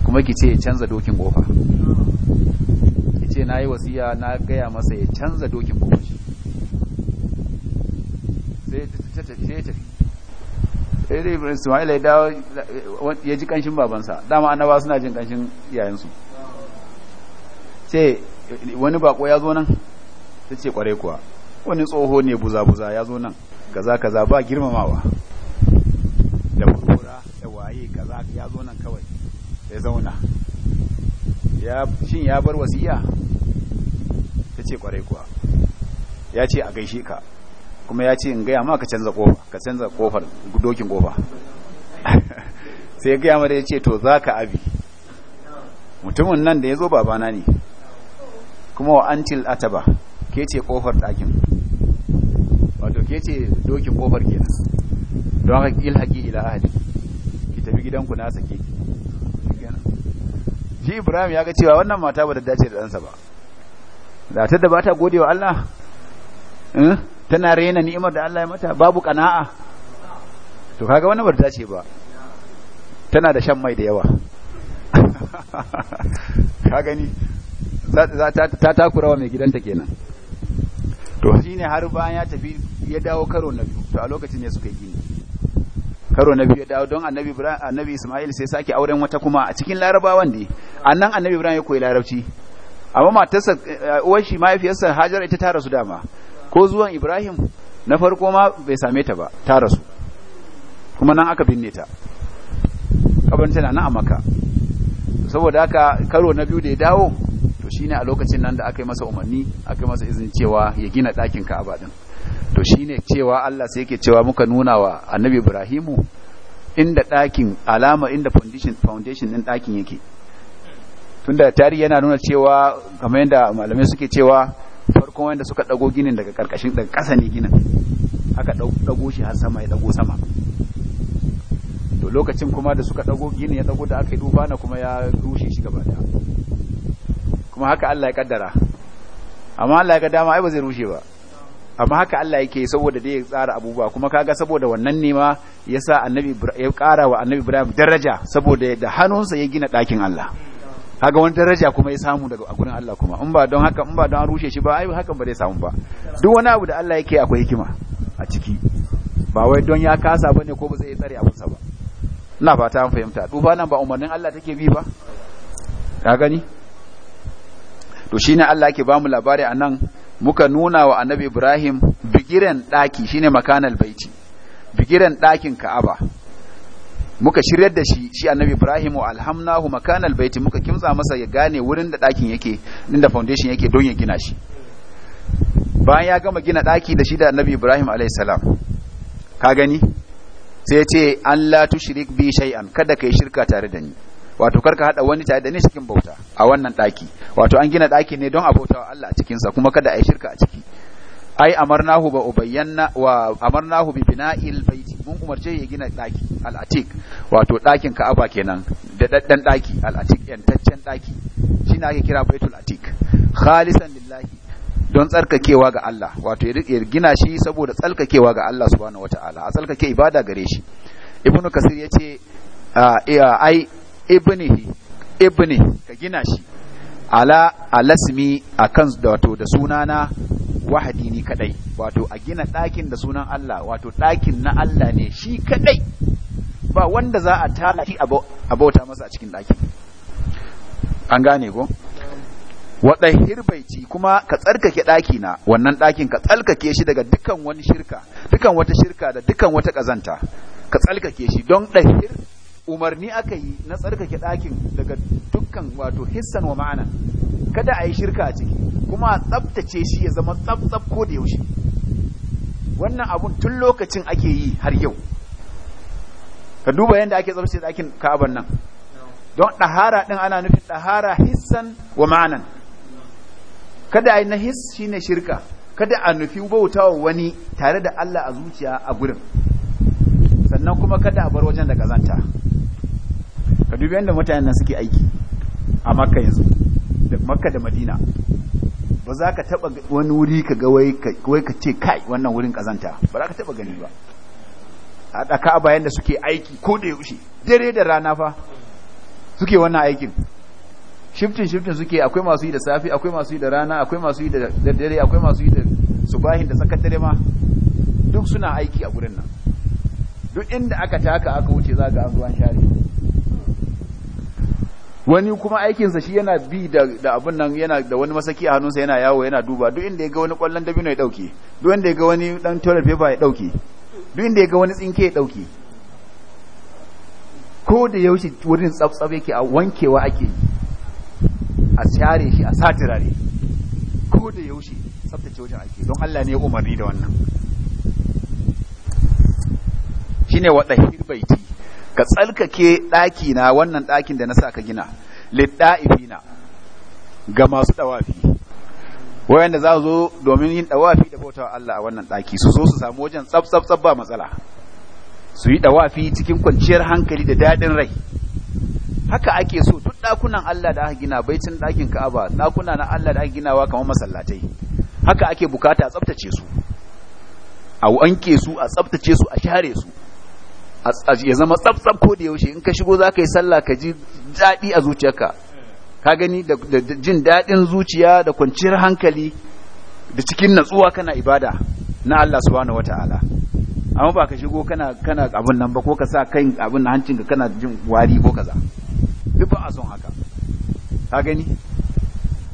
kuma ki ce ya canza dokin kofa ki ce na yi wasiya na gaya masa ya canza dokin kofa shi sai ta tafi ya tafi sai ibrahim ismaila ya dawo ya ji kanshin babansa dama annaba suna jin kanshin yayansu ce wani bako ya zo nan ta ce kwarai kuwa wani tsoho ne buza-buza ya zo nan kaza kaza ba girmamawa da furfura da waye kaza ya zo nan kawai ya zauna ya shin ya bar wasiya ta ce kwarai kuwa ya ce a gaishe ka kuma ya ce in gaya ma ka canza kofa ka canza kofar dokin kofa (laughs) sai gaya mara ya ce to za ka abi mutumin nan da ya zo babana ne kuma wa til ataba ke ce kofar ɗakin wato ke ce dokin kofar kenan don haka haƙi ila ahadi ki tafi gidanku na sake ji ibrahim ya ga cewa wannan mata ba da dace da ɗansa ba da ta da ba ta gode wa allah eh, tana rena ni'imar da allah ya mata babu kana'a to kaga wannan ba dace ba tana da shan mai da yawa (laughs) ka gani za ta wa mai gidanta kenan to (laughs) ne har bayan ya tafi ya dawo karo na biyu to a lokacin ne suka yi gini karo na biyu ya dawo don annabi annabi Isma'il sai sake auren wata kuma a cikin larabawan ne annan annabi Ibrahim ya koyi larabci amma matarsa eh, uwar shi mahaifiyarsa Hajar ita ta rasu dama ko zuwan Ibrahim na farko ma bai same ta ba ta rasu kuma nan aka binne ta kabarin tana nan a maka saboda haka karo na biyu da ya dawo shine a lokacin nan da aka yi masa umarni aka yi masa izin cewa ya gina ɗakin ka'aba din to shine cewa Allah sai yake cewa muka nuna wa annabi Ibrahimu inda ɗakin alama inda foundation foundation din ɗakin yake tunda tarihi yana nuna cewa kamar yadda malamai suke cewa farkon wanda suka dago ginin daga karkashin daga ƙasa ne ginin aka dago shi har sama ya dago sama to lokacin kuma da suka dago ginin ya dago da aka yi duba na kuma ya rushe shi gaba daya kuma haka Allah ya kaddara amma Allah ya ga dama ai ba zai rushe ba amma haka Allah yake saboda dai ya tsara abubuwa kuma kaga saboda wannan ne ma yasa annabi ya kara wa annabi Ibrahim daraja saboda da hannunsa ya gina ɗakin Allah kaga wani daraja kuma ya samu daga gurin Allah kuma in ba don haka in ba don an rushe shi ba ai hakan ba zai samu ba duk wani abu da Allah yake akwai hikima a ciki ba wai don ya kasa bane ko ba zai tsare sa ba ina fata an fahimta duba nan ba umarnin Allah take bi ba ka gani to shi ne Allah ke ba mu labari a nan muka nuna wa annabi Ibrahim bigiren daki ne makanal baiti bigiren dakin Ka'aba muka shiryar da shi shi annabi Ibrahim wa alhamnahu makanal baiti muka kimtsa masa ya gane wurin da dakin yake inda foundation yake don ya gina shi bayan ya gama gina ɗaki da shi da annabi Ibrahim alayhi salam ka gani sai ya ce an la tushrik bi shay'an kada kai shirka tare da ni wato karka hada wani tare da ni cikin bauta a wannan daki wato an gina daki ne don a wa Allah a cikin sa kuma kada ai shirka a ciki ai amarnahu ba ubayyana wa amarnahu bi bina'il baiti mun umarce ya gina daki al-atiq wato dakin Ka'aba kenan da daddan daki al-atiq yantaccen daki shine ake kira baitul Atik. khalisan lillahi don tsarkakewa ga Allah wato ya gina shi saboda tsarkakewa ga Allah subhanahu wataala a tsarkake ibada gare shi ibnu kasir yace ah, ai ibnihi ibni ka gina shi ala alasmi akan wato da sunana wahadi ni kadai wato a gina ɗakin da sunan Allah wato ɗakin na Allah ne shi kadai ba wanda za a tara shi a bauta masa a cikin ɗakin an gane ko waɗai hirbaici kuma ka tsarkake ɗaki na wannan ɗakin ka tsarkake shi daga dukan wani shirka dukan wata shirka da dukan wata ƙazanta ka tsarkake shi don ɗahir umarni aka yi na tsarkake ɗakin daga dukkan wato hissan wa ma'ana kada a yi shirka a ciki kuma a tsabtace shi ya zama tsabtsab ko da yaushe wannan abun tun lokacin ake yi har yau ka duba yadda ake tsabtace ɗakin ka'aban nan don ɗahara ɗin ana nufin ɗahara hissan wa ma'anan kada a yi na his shi ne shirka kada a nufi bauta wa wani tare da Allah a zuciya a gurin sannan kuma kada a bar wajen da kazanta ka dubi yadda mutanen nan suke aiki a makka yanzu da makka da madina ba za ka taba wani wuri ka ga wai ka ce kai wannan wurin kazanta ba za ka taba gani ba a ɗaka bayan da suke aiki ko da yaushe dare da rana fa suke wannan aikin shiftin shiftin suke akwai masu yi da safi akwai masu yi da rana akwai masu yi da dare akwai masu yi da subahin da tsakar dare ma duk suna aiki a gurin nan duk inda aka taka aka wuce za ga an zuwan share wani kuma aikinsa shi yana bi da abin nan yana da wani masaki a hannunsa yana yawo yana duba duk inda ya ga wani kwallon dabino ya dauke duk inda ya ga wani dan toilet paper ya dauke duk inda ya ga wani tsinke ya dauke ko da yaushe wurin tsabtsab yake a wankewa ake yi a share shi a satirare ko da yaushe tsabtace wajen ake don Allah ne ya umarni da wannan shine wadahir baiti ka tsalkake ɗaki na wannan ɗakin da na sa ka gina lidda'ifina ga masu ɗawafi wayanda za zo domin yin ɗawafi da bautawa Allah a wannan ɗaki su zo su samu wajen tsab ba matsala su yi ɗawafi cikin kwanciyar hankali da daɗin rai haka ake so duk ɗakunan Allah da aka gina baicin ɗakin Ka'aba ɗakuna na Allah da aka ginawa kamar masallatai haka ake bukata a tsaftace su a wanke su a tsaftace su a share su ya zama tsabtsab ko da yaushe in ka shigo za ka yi sallah ka ji daɗi a zuciyarka ka gani da jin daɗin zuciya da kwanciyar hankali da cikin natsuwa kana ibada na Allah subhanahu wata'ala amma ba ka shigo kana kana abun nan ba ko ka sa kai abun hancin ka kana jin wari ko kaza duk ba a son haka ka gani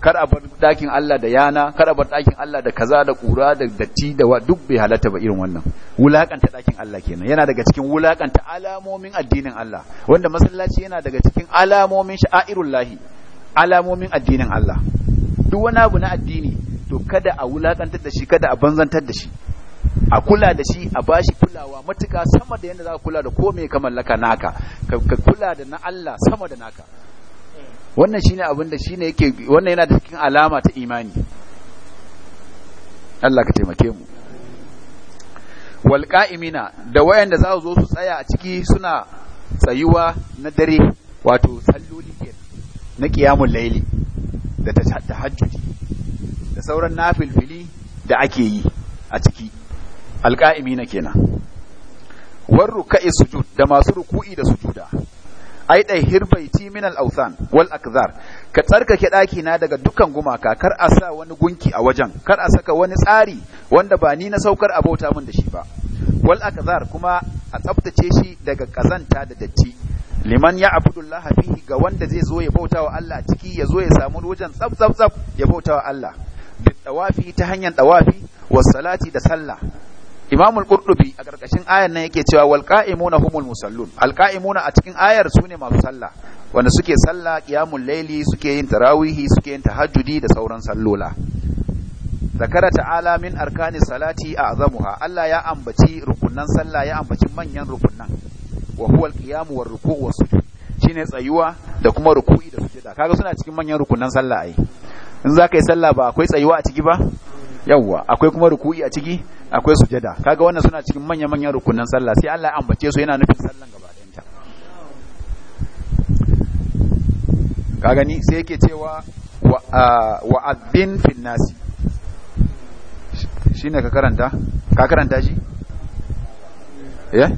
kar a bar dakin Allah da yana kar a bar dakin Allah da kaza da kura da datti da wa duk bai halatta ba irin wannan wulakanta dakin Allah kenan yana daga cikin wulakanta alamomin addinin Allah wanda masallaci yana daga cikin alamomin sha'irullahi alamomin addinin Allah duk wani abu na addini to kada a wulakantar da shi kada a banzantar da shi a kula da shi a bashi kulawa matuka sama da yadda za ka kula da ko mai ka mallaka naka ka kula da na Allah sama da naka wannan shine abin da shine yake wannan yana da cikin alama ta imani Allah ka taimake mu wal qa'imina da wayanda za su zo su tsaya a ciki suna tsayuwa na dare wato salloli na qiyamul layli da tahajjudi da sauran nafilfili da ake yi a ciki qa'imina kenan war ruka'i sujud da masu ruku'i da sujuda ai dai hirbaiti min al-awthan wal akzar ka tsarkake daki na daga dukan gumaka kar a sa wani gunki a wajen kar a saka wani tsari wanda ba ni na saukar abota min da shi ba wal akzar kuma a tsaftace shi daga kazanta da datti liman ya abudullaha fihi ga wanda zai zo ya bauta wa Allah ciki ya zo ya samu wajen tsaf tsaf tsaf ya bauta wa Allah bi tawafi ta hanyar tawafi was salati da sallah imamul qurtubi a karkashin ayar nan yake cewa wal qa'imuna humul musallun al qa'imuna a cikin ayar sune masu sallah wanda suke sallah qiyamul layli suke yin tarawihi suke yin tahajjudi da sauran sallola zakara ta'ala min arkani salati a'zamuha Allah ya ambaci rukunan sallah ya ambaci manyan rukunan wa huwa al-qiyamu war ruku'u was shine tsayuwa da kuma ruku'i da sujuda kaga suna cikin manyan rukunan sallah ai in zaka yi sallah ba akwai tsayuwa a ciki ba yawwa akwai kuma ruku'i a ciki akwai sujada kaga wannan suna cikin manya manyan rukunan sallah sai Allah ya ambace su yana nufin sallan gaba ɗayanta ka gani sai yake cewa wa'adhin fil nasi shine ka karanta ka karanta shi eh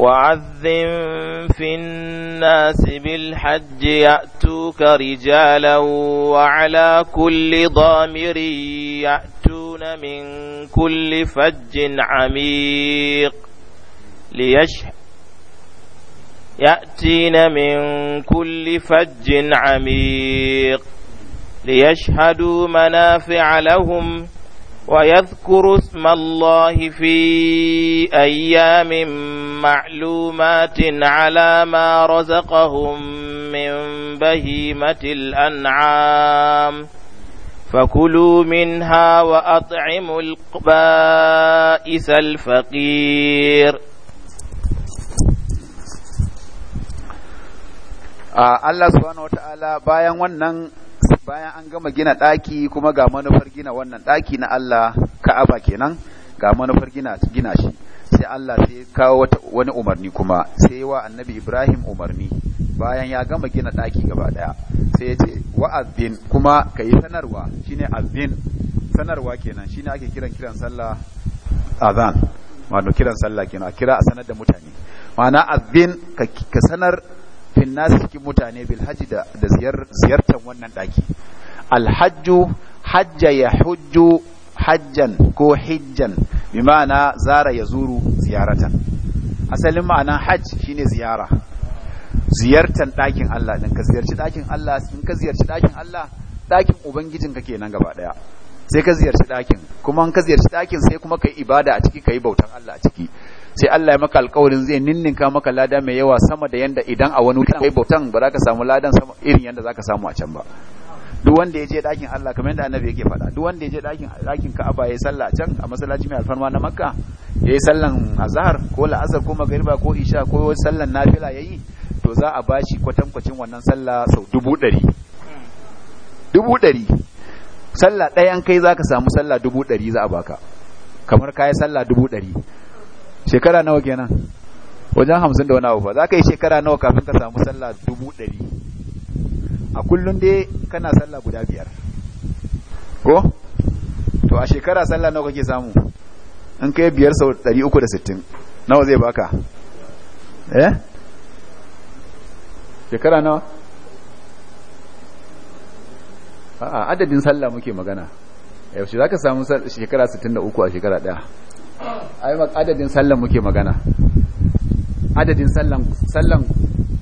وعذم في الناس بالحج يأتوك رجالا وعلى كل ضامر يأتون من كل فج عميق ليشهد يأتين من كل فج عميق ليشهدوا منافع لهم ويذكر اسم الله في أيام معلومات على ما رزقهم من بهيمة الأنعام فكلوا منها وأطعموا البائس الفقير الله سبحانه وتعالى bayan wannan bayan an gama gina ɗaki kuma ga manufar gina wannan ɗaki na Allah ka'aba kenan ga manufar gina gina shi sai Allah sai ya kawo wani umarni kuma sai wa annabi Ibrahim umarni bayan ya gama gina ɗaki gaba ɗaya sai ya ce wa azbin kuma ka yi sanarwa shine azbin sanarwa kenan shine ake kiran kiran sallah azan wato kiran sallah kenan a kira a sanar da mutane ma'ana azbin ka sanar fin nasu cikin mutane bil haji da ziyartar wannan ɗaki alhajju hajja ya hujju hajjan ko hijjan bi ma'ana zara ya zuru ziyaratan asalin ma'anan hajj shine ziyara ziyartan ɗakin Allah in ka ziyarci ɗakin Allah in ka ziyarci ɗakin Allah ɗakin ka kenan gaba ɗaya sai ka ziyarci ɗakin kuma in ka ziyarci ɗakin sai kuma kai ibada a ciki kai bautan Allah a ciki sai Allah ya maka alƙawarin zai ninninka maka lada mai yawa sama da yanda idan a wani kai bautan ba za ka samu ladan sama irin yanda za ka samu a can ba duk wanda ya je ɗakin Allah kamar yadda annabi yake faɗa duk wanda ya je ɗakin ɗakin Ka'aba ya salla can a masallaci mai alfarma na Makka ya yi sallan azhar ko la'asar ko magriba ko isha ko sallan nafila yayi to za a bashi kwatankwacin wannan sallah sau dubu ɗari dubu ɗari sallah ɗayan kai za ka samu sallah dubu ɗari za a baka kamar yi sallah dubu ɗari shekara nawa kenan wajen hamsin da wani abu ba za ka yi shekara nawa kafin ka samu sallah dubu ɗari a kullum dai kana sallah guda biyar ko to a shekara sallah nawa kake samu in ka yi biyar sau ɗari uku da sittin nawa zai baka eh shekara nawa a'a adadin sallah muke magana yaushe za ka samu shekara sittin da uku a shekara ɗaya ai adadin sallan muke magana adadin sallan sallan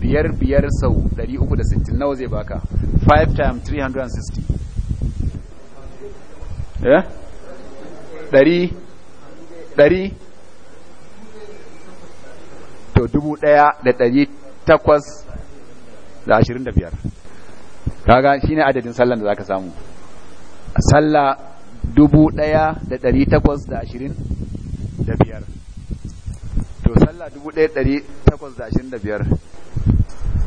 biyar biyar sau 360 nawa zai baka 5 times 360 eh dari dari to dubu daya da dari ashirin da biyar kaga shine adadin sallan da za ka samu sallah dubu ɗaya da ɗari takwas da ashirin da biyar to sallah dubu ɗaya ɗari takwas da ashirin da biyar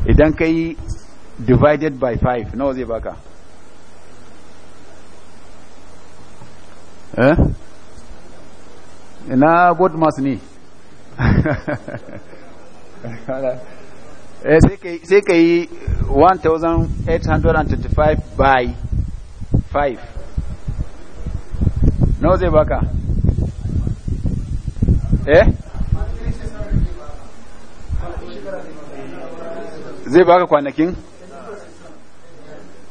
idan ka yi divided by five nawa zai baka eh ina god mas ne (laughs) eh, sai ka yi 1825 by 5 nawa zai baka eh zai baka kwanakin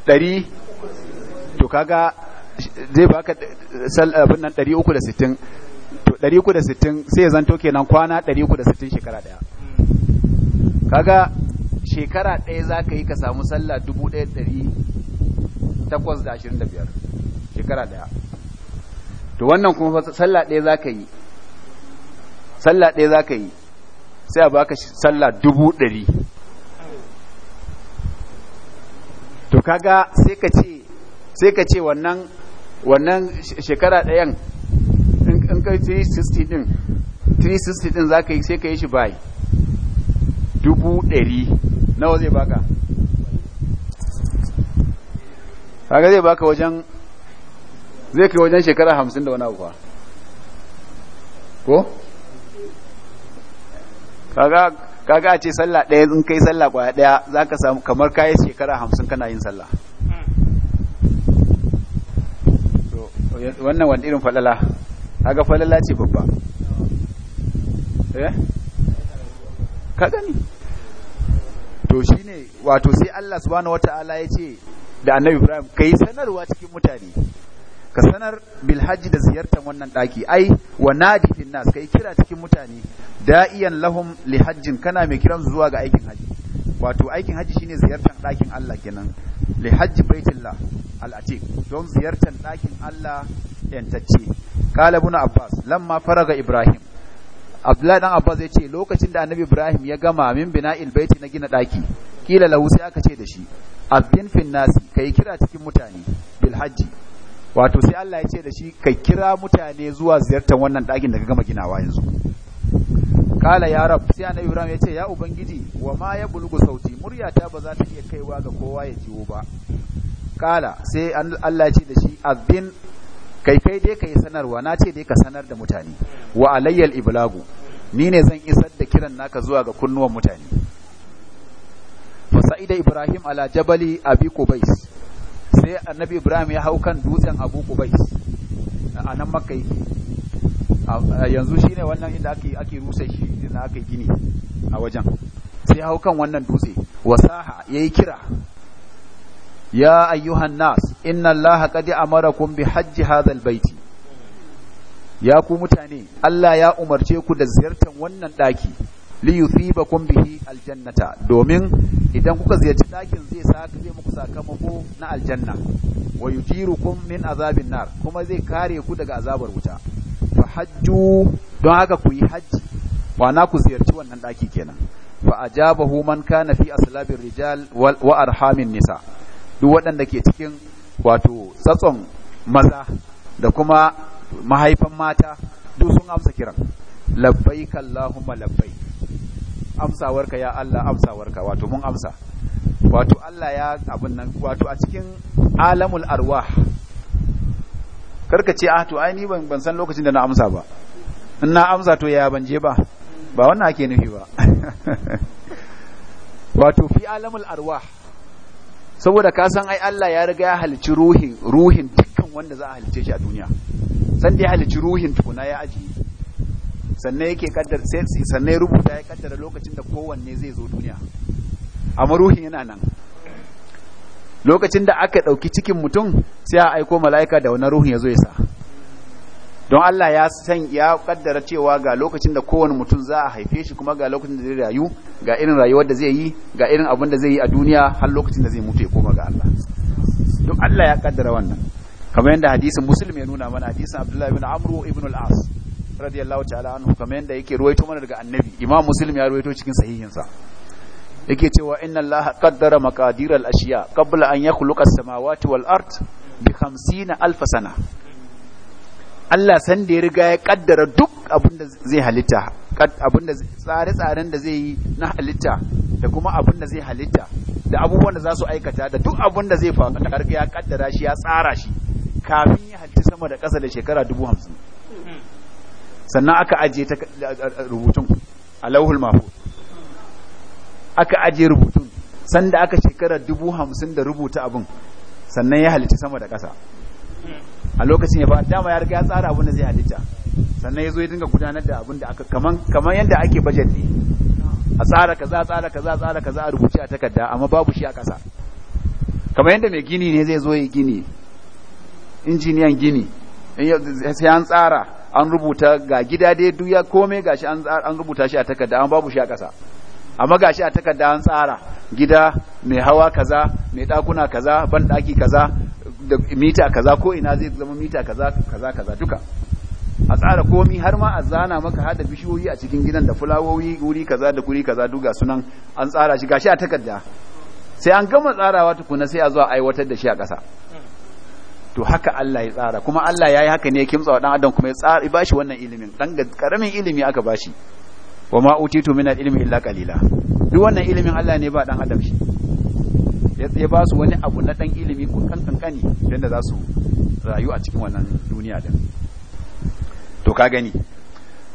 ɗari to kaga zai baka abin nan ɗari uku da sittin to ɗari uku da sittin sai ya zanto kenan kwana ɗari uku da sittin shekara ɗaya kaga shekara ɗaya za ka yi ka samu sallah dubu ɗaya ɗari takwas da ashirin da biyar shekara ɗaya to wannan kuma fa sallah ɗaya za ka yi sallah ɗaya za ka yi sai a baka sallah dubu ɗari to kaga sai ka ce sai ka ce wannan wannan shekara ɗayan in kai 360 ɗin 360 ɗin za ka yi sai ka yi shi bai dubu ɗari nawa zai baka kaga zai baka wajen zai kai wajen shekara hamsin da wani abu ko kaga a ce sallah ɗaya in kai sallah kwaya ɗaya za ka samu kamar kayi shekara hamsin kana yin sallah wannan wani irin falala kaga falala ce babba eh? ka gani to shine wato sai Allah subhanahu ta'ala ya ce da annabi Ibrahim yi sanarwa cikin mutane ka sanar bilhajji da ziyartar wannan daki ai wa nadi fil nas kai kira cikin mutane da'iyan lahum li kana mai kiran zuwa ga aikin haji wato aikin haji shine ziyartar dakin Allah kenan li hajji baitillah al atiq don ziyartar dakin Allah yantacce qala ibn abbas lamma faraga ibrahim abdullahi dan abbas ya ce lokacin da annabi ibrahim ya gama min bina'il baiti na gina ɗaki. kila lahu sai aka ce da shi abdin finnasi nas kai kira cikin mutane bilhajji wato sai Allah ya ce da shi ka kira mutane zuwa ziyartar wannan ɗakin da ka gama ginawa yanzu kala ya rab sai annabi ibrahim ya ce ya ubangiji wa ma ya bulugu sauti muryata ba za ta iya kaiwa ga kowa ya jiwo ba kala sai Allah ya ce da shi azin kai kai dai kai sanarwa na ce dai ka sanar da mutane wa alayyal iblagu ni ne zan isar da kiran naka zuwa ga kunnuwan mutane sa'ida ibrahim ala jabali abi qubais sai annabi ibrahim ya hau kan dutsen abu kubais a nan maka yake yanzu ne wannan inda ake ake rusa shi inda aka gini a wajen sai hau kan wannan dutse wasaha yi kira ya ayyuhan nas inna allaha qad amarakum bi hajji hadha baiti. ya ku mutane Allah ya umarce ku da ziyartar wannan daki li kun bihi aljannata domin idan kuka ziyarci ɗakin zai saka zai muku sakamako na aljanna wa yujirukum min azabin nar kuma zai kare ku daga azabar wuta fa hajju don haka ku yi hajji na ku ziyarci wannan ɗaki kenan fa ajabahu man kana fi aslabir rijal wa arhamin nisa duk waɗanda ke cikin wato tsatson maza da kuma mahaifan mata duk sun amsa kiran labbaik allahumma labbaik amsawarka ya Allah amsawarka wato mun amsa wato Allah ya abin nan wato a cikin alamul arwah karka ce ah to ai ni ban ban san lokacin da na amsa ba in na amsa to ya ban je ba ba wannan ake nufi ba (laughs) wato fi alamul arwah saboda ka san ai Allah ya riga ya halici ruhin ruhin dukkan wanda za a halice shi a duniya san dai ya halici ruhin tukuna ya ajiye sannan yake kaddar sai sannan ya rubuta ya kaddara lokacin da kowanne zai zo duniya amma ruhin yana nan lokacin da aka ɗauki cikin mutum sai a aiko mala'ika da wani ruhin ya zo ya sa don Allah ya san ya kaddara cewa ga lokacin da kowanne mutum za a haife shi kuma ga lokacin da zai rayu ga irin rayuwar da zai yi ga irin abin da zai yi a duniya har lokacin da zai mutu ya koma ga Allah don Allah ya kaddara wannan kamar yadda hadisin muslim ya nuna mana hadisin Abdullahi bin Amru ibn al-As radiyallahu ta'ala anhu kamar yadda yake ruwaito mana daga annabi imam muslim ya ruwaito cikin sahihinsa yake cewa inna Allah qaddara maqadir al-ashiya qabla an yakhluqa as-samawati wal ard bi 50 alf sana Allah san da ya riga ya kaddara duk abinda zai halitta abinda tsare-tsaren da zai yi na halitta da kuma abinda zai halitta da abubuwan da za su aikata da duk abinda zai faru da ya kaddara shi ya tsara shi kafin ya halitta sama da ƙasa da shekara dubu hamsin sannan aka aje ta rubutun a lauhul mahfuz aka aje rubutun sanda aka shekara dubu hamsin da rubuta abin sannan ya halitta sama da ƙasa a lokacin ya ba dama ya riga ya tsara abin da zai halitta sannan ya zo ya dinga gudanar da abin da aka kaman kaman yadda ake budget ne a tsara kaza tsara kaza tsara kaza a rubuce a takarda amma babu shi a ƙasa kamar yadda mai gini ne zai zo ya gini injiniyan gini sai an tsara an rubuta ga gida dai duk ya kome gashi an an rubuta shi a takarda an babu shi a ƙasa amma gashi a takarda an tsara gida mai hawa kaza mai dakuna kaza ban daki kaza da mita kaza ko ina zai zama mita kaza kaza kaza duka a tsara komi har ma a zana maka hada bishiyoyi a cikin gidan da fulawoyi wuri kaza da guri kaza duga sunan an tsara shi gashi a takarda sai an gama tsarawa tukuna sai a zo aiwatar da shi a ƙasa to haka Allah ya tsara kuma Allah ya yi haka ne ya kimtsa wa ɗan adam kuma ya tsara ya shi wannan ilimin ɗan ƙaramin ilimi aka bashi wa ma utitu min ilmi illa qalila duk wannan ilimin Allah ne ba ɗan adam shi ya ba su wani abu na ɗan ilimi ko kan kankani don da za su rayu a cikin wannan duniya din to ka gani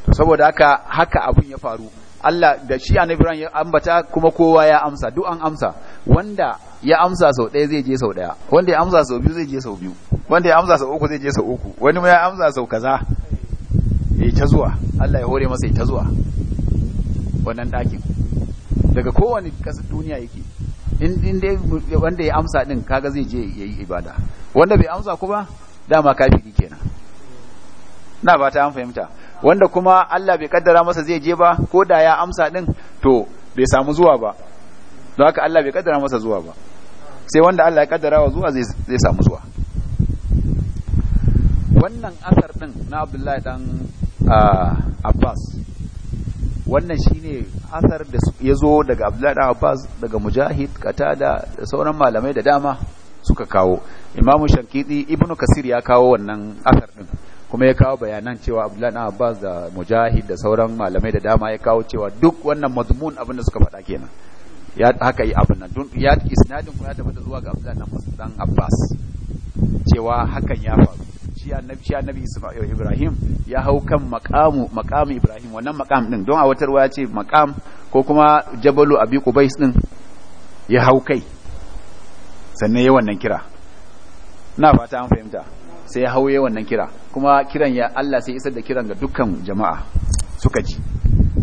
to saboda haka haka abun ya faru Allah da shi annabi Ibrahim ya ambata kuma kowa ya amsa duk an amsa wanda ya amsa sau ɗaya zai je sau ɗaya wanda ya amsa sau biyu zai je sau biyu wanda ya amsa sau uku zai je sau uku wani ma ya amsa sau kaza ya ta zuwa Allah ya hore masa ya ta zuwa wannan ɗakin daga kowane ƙasar duniya yake in dai wanda ya amsa din kaga zai je ya yi ibada wanda bai amsa kuma dama kafiri kenan na ba ta an fahimta wanda kuma Allah bai kaddara masa zai je ba ko da ya amsa din to bai samu zuwa ba don haka Allah bai kaddara masa zuwa ba sai wanda Allah ya kaddara wa zuwa zai samu zuwa wannan asar din na Abdullahi dan Abbas wannan shine asar da ya zo daga Abdullahi dan Abbas daga Mujahid Qatada da sauran malamai da dama suka kawo Imam Shankidi Ibn Kasir ya kawo wannan asar din kuma ya kawo bayanan cewa Abdullahi Abbas da Mujahid da sauran malamai da dama ya kawo cewa duk wannan mazmun abin da suka faɗa kenan ya haka yi abin nan don ya isnadin kuma ya tabbata zuwa ga Abdullahi dan Abbas cewa hakan ya faru shi annabi shi annabi Isma'il Ibrahim ya hau kan maqamu maqamu Ibrahim wannan maqam din don a wata ruwa ya ce maqam ko kuma Jabalu Abi Qubais din ya hau kai sannan ya wannan kira na fata an fahimta sai ya hau ya wannan kira kuma kiran ya Allah sai isar da kiran ga dukkan jama'a suka ji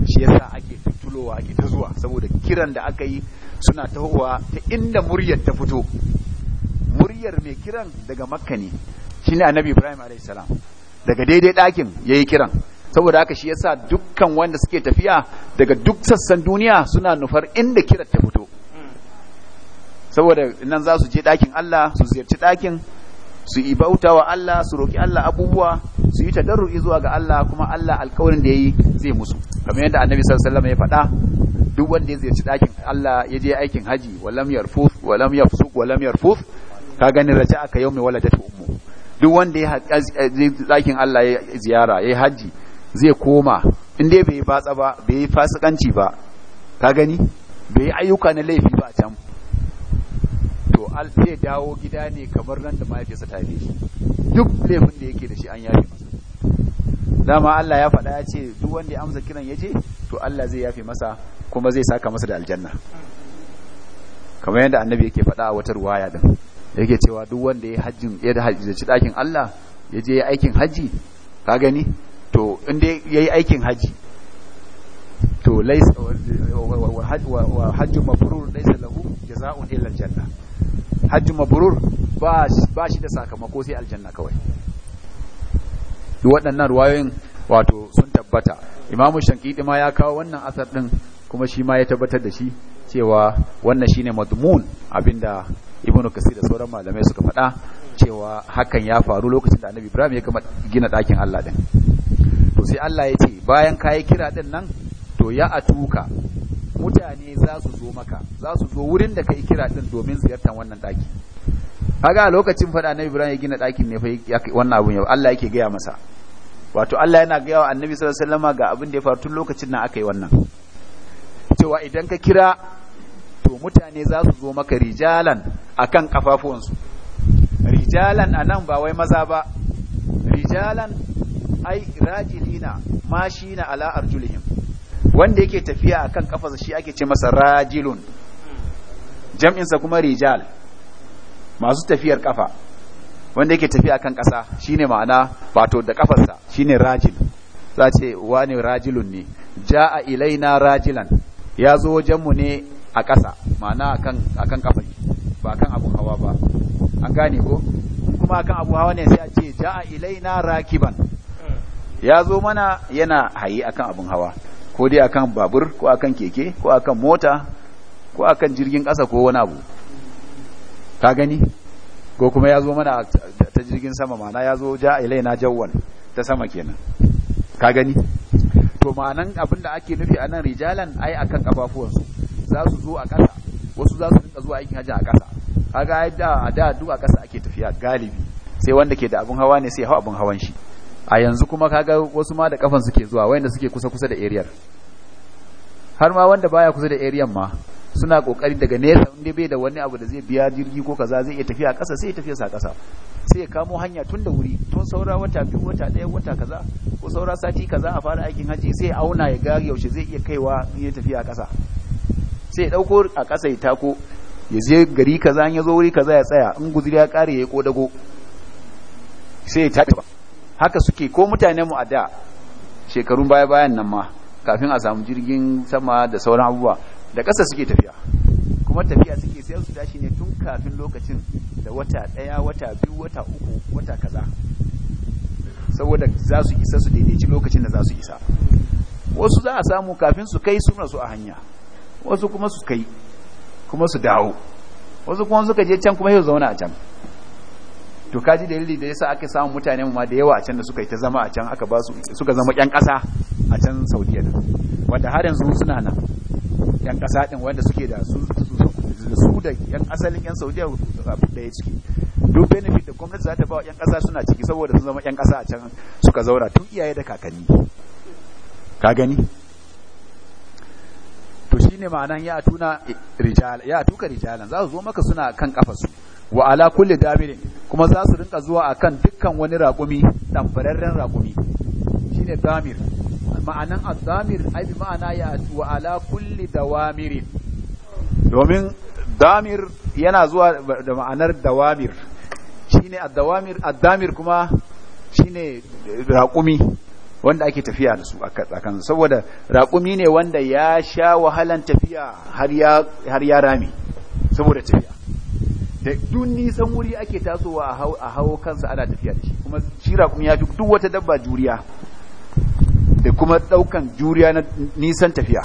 shi yasa ake tuttulowa ake ta zuwa saboda kiran da aka yi suna tahowa ta inda muryar ta fito muryar mai kiran daga makka ne shine annabi ibrahim alayhi daga daidai ɗakin yayi kiran saboda haka shi yasa dukkan wanda suke tafiya daga duk sassan duniya suna nufar inda kiran ta fito hmm. saboda nan za su je dakin Allah su ziyarci ɗakin su yi bauta wa Allah su roki Allah abubuwa su yi tadarru zuwa ga Allah kuma Allah alƙawarin da yayi zai musu kamar yadda Annabi sallallahu alaihi wasallam ya faɗa duk wanda ya ziyarci ɗakin Allah ya je aikin haji walam yarfuf walam yafsuq walam yarfuf ka gani raja aka yau mai waladat ummu duk wanda ya ɗakin Allah ya ziyara ya haji zai koma in dai bai batsa ba bai fasikanci ba ka gani bai ayyuka na laifi ba a can to al zai dawo gida ne kamar nan da mahaifiyarsa ta haife shi duk laifin da yake da shi an yafe masa dama Allah ya faɗa ya ce duk wanda ya amsa kiran ya je to Allah zai yafe masa kuma zai saka masa da aljanna kamar yadda annabi yake faɗa a wata ruwaya din yake cewa duk wanda ya hajjin ya da hajji ɗakin Allah ya je ya aikin haji ka gani to inda yi aikin hajji to laysa wa hajju mabrur laysa lahu jazaa'un illa aljanna hajji mabrur ba shi da sakamako sai aljanna kawai waɗannan ruwayoyin wato sun tabbata imamu shankidi ma ya kawo wannan asar ɗin kuma shi ma ya tabbatar da shi cewa wannan shi ne madmun abinda ibnu kasir da sauran malamai suka faɗa cewa hakan ya faru lokacin da annabi ibrahim ya gama gina ɗakin allah ɗin to sai allah ya ce bayan kayi kira ɗin nan to ya a tuka. mutane za su zo maka za su zo wurin da kai kira din domin ziyartar wannan daki kaga lokacin fada na Ibrahim ya gina dakin ne fa wannan abun ya Allah yake gaya masa wato Allah yana gaya wa Annabi sallallahu alaihi ga abin da ya faru tun lokacin nan aka yi wannan cewa idan ka kira to mutane za su zo maka rijalan akan kafafuwansu rijalan a nan ba wai maza ba rijalan ai rajilina mashina ala arjulihim wanda yake tafiya a kan kafarsa shi ake ce masa rajilun jam'insa kuma rijal masu tafiyar kafa wanda yake tafiya a ƙasa kasa ne ma'ana bato da kafarsa ne rajil za ce ne rajilun ne a ilai na rajilan ya zo wajenmu ne a ƙasa ma'ana a kan kafa ba kan abu hawa ba an gane ko kuma a kan abu hawa ne sai a ce a ilai na rakiban hmm. ya zo mana yana hayi akan abun hawa ko dai akan babur ko akan keke ko akan mota ko akan jirgin ƙasa ko wani abu ka gani ko kuma ya zo mana ta jirgin sama mana ya zo ja na jawon ta sama kenan ka gani to ma'anan abinda ake nufi a nan rijalan ai akan kafafuwansu za su zo a ƙasa wasu za su rinka zuwa aikin hajji a ƙasa kaga a da duk a ƙasa ake tafiya galibi sai wanda ke da abin hawa ne sai hau abin hawan shi a yanzu kuma kaga wasu ma da kafan suke zuwa wayanda suke kusa kusa da area har ma wanda baya kusa da area ma suna kokari daga nesa inda bai da wani abu da zai biya jirgi ko kaza zai iya tafiya kasa sai ya tafiya sa kasa sai ya kamo hanya tun da wuri tun saura wata biyu wata ɗaya wata kaza ko saura sati kaza a fara aikin haji sai ya auna ya ga yaushe zai iya kaiwa in ya tafiya kasa sai ya dauko a kasa ya tako ya je gari kaza in ya zo wuri kaza ya tsaya in guzuri ya kare ya kodago sai ya tafi haka suke ko mutane mu a da shekarun baya bayan nan ma kafin a samu jirgin sama da sauran abubuwa da ƙasa suke tafiya kuma tafiya suke sai su tashi ne tun kafin lokacin da wata ɗaya wata biyu wata uku wata kaza saboda za su isa su daidaici lokacin da za su isa wasu za a samu kafin su kai suna su a hanya wasu kuma su kai kuma su dawo wasu kuma suka je can kuma yau zauna a can to kaji dalili da yasa aka samu mutane ma da yawa a can da suka yi ta zama a can aka ba su suka zama yan kasa a can Saudi din wanda har yanzu suna nan yan kasa din wanda suke da su su da yan asalin yan Saudiya da ya ciki duk benefit da gwamnati za ta ba wa yan kasa suna ciki saboda sun zama yan kasa a can suka zaura tun iyaye da kakanni ka gani to shine ma'anan ya tuna eh, rijal ya tuka rijalan za su zo maka suna kan kafa su wa ala kulli dabirin kuma za su rinka zuwa akan dukkan wani raƙumi tamfararren raƙumi shine damir ma'anan ad-damir ai bi ma'ana ya wa ala kulli dawamirin domin damir yana zuwa da ma'anar dawamir shine ad-dawamir damir kuma shine raƙumi wanda ake tafiya da su a kan saboda raƙumi ne wanda ya sha wahalan tafiya har ya rami saboda tafiya da duk nisan wuri ake tasowa a hawo kansa ana tafiya da shi kuma shi raƙumi ya fi duk wata dabba juriya da kuma ɗaukan juriya na nisan tafiya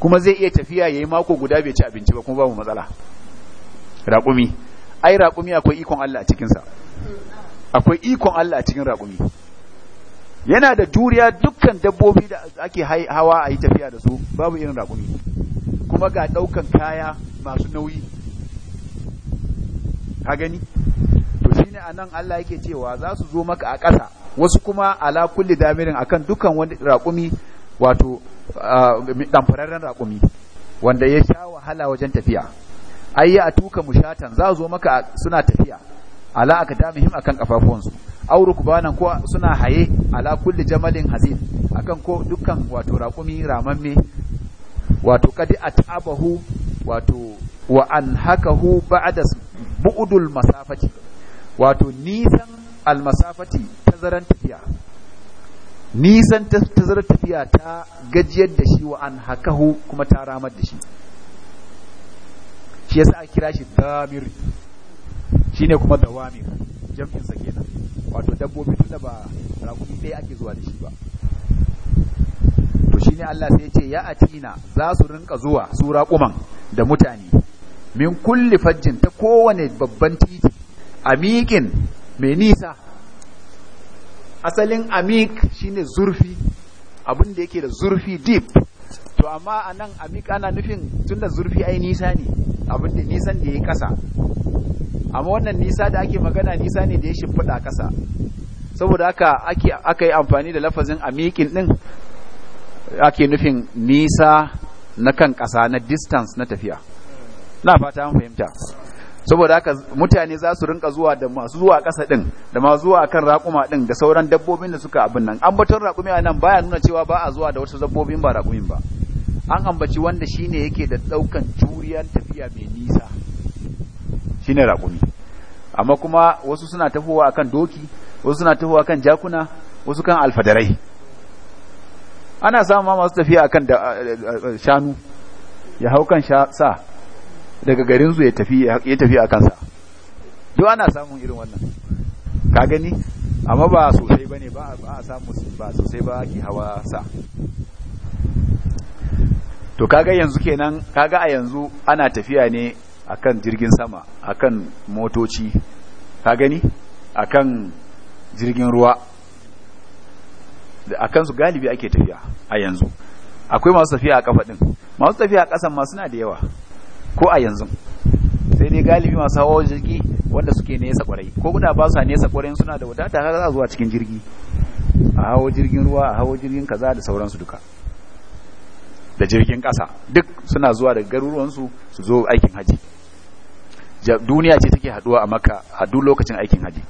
kuma zai iya tafiya ya yi mako guda bai ci abinci ba kuma babu matsala raƙumi ai raƙumi akwai ikon Allah a cikinsa akwai ikon Allah a cikin raƙumi yana da juriya dukkan dabbobi da ake hawa a yi tafiya da su babu irin raƙumi kuma ga ɗaukan kaya masu nauyi ka gani to shine anan Allah yake cewa za su zo maka a ƙasa wasu kuma ala kulli damirin akan dukan wani raƙumi wato ɗamfararren raƙumi wanda ya sha wahala wajen tafiya ai ya tuka mushatan za zo maka suna tafiya ala aka muhim akan kafafuwansu aw rukbanan ko suna haye ala kulli jamalin hazin akan ko dukkan wato raƙumi ramamme wato kadi atabahu wato wa anhakahu ba'da bu'udul masafati wato nisan almasafati tazaran tafiya nisan tazaran tafiya ta gajiyar da shi wa an hakahu kuma ta ramar da shi shi yasa a kira shi damir ne kuma dawamir jam'in sa kenan wato dabbobi tunda ba rakumi ɗaya ake zuwa da shi ba to shi ne Allah sai ya ce ya atina za su rinka zuwa su raƙuman da mutane min kulli fajjin ta kowane babban titi amikin mai nisa asalin amik shine zurfi abin da yake da zurfi deep to amma a nan amik ana nufin tun da zurfi ai nisa ne abin da nisan da ya yi ƙasa amma wannan nisa da ake magana nisa ne da ya shimfiɗa ƙasa saboda haka aka yi amfani da lafazin amikin ɗin ake nufin nisa na kan ƙasa na distance na tafiya na fata an fahimta saboda haka mutane za su rinka zuwa da masu zuwa ƙasa din da masu zuwa kan raƙuma din da sauran dabbobin da suka abin nan ambaton raƙumi a nan baya nuna cewa ba a zuwa da wasu dabbobin ba raƙumin ba an ambaci wanda shine yake da ɗaukan juriyar tafiya mai nisa shine raƙumi amma kuma wasu suna tafowa akan doki wasu suna tafowa akan jakuna wasu kan alfadarai ana samun masu tafiya akan shanu ya hau kan sa daga garin su ya tafi a kansa duk ana samun irin wannan ka gani amma ba sosai ba ne ba a samu ba sosai ba ake hawa sa to kaga yanzu kenan kaga a yanzu ana tafiya ne akan jirgin sama akan motoci ka gani akan jirgin ruwa da akan su galibi ake tafiya a yanzu akwai masu tafiya a kafa din masu tafiya a kasan ma suna da yawa ko a yanzu sai dai galibi masu hawa jirgi wanda suke nesa kwarai ko guda ba su nesa kwarai suna da wadata har za zuwa cikin jirgi a hawo jirgin ruwa a hawo jirgin kaza da sauransu duka da jirgin kasa duk suna zuwa daga garuruwansu su zo aikin haji duniya ce take haduwa a maka a duk lokacin aikin haji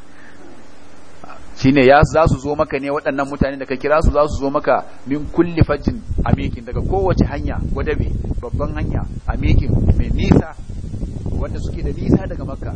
shine ya za su zo maka ne waɗannan mutane da ka kira su za su zo maka min kulli a amikin daga kowace hanya gwadabe babban hanya amikin mai nisa wanda suke da nisa daga makka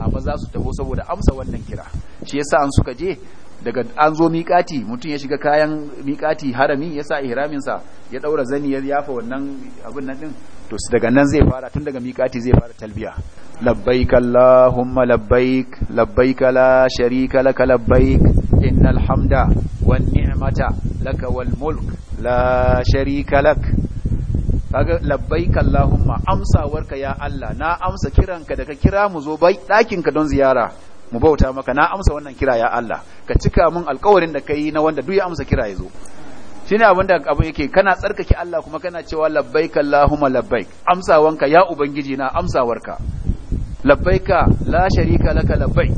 amma za su taho saboda amsa wannan kira shi yasa an suka je daga an zo miƙati mutum ya shiga kayan miƙati harami ya sa ihraminsa ya ɗaura zani ya yafa wannan abin nan din to daga nan zai fara tun daga miƙati zai fara talbiya لبيك اللهم لبيك لبيك لا شريك لك لبيك إن الحمد والنعمة لك والملك لا شريك لك labbaik Allahumma amsawarka ya Allah na amsa kiranka da ka kira mu zo bai ɗakinka don ziyara mu bauta maka na amsa wannan kira ya Allah ka cika mun alƙawarin da kai na wanda duk ya amsa kira ya zo shine abin da abu yake kana tsarkake Allah kuma kana cewa labbaik Allahumma labbaik amsawanka ya ubangiji na amsawarka labbaika la sharika laka labbaik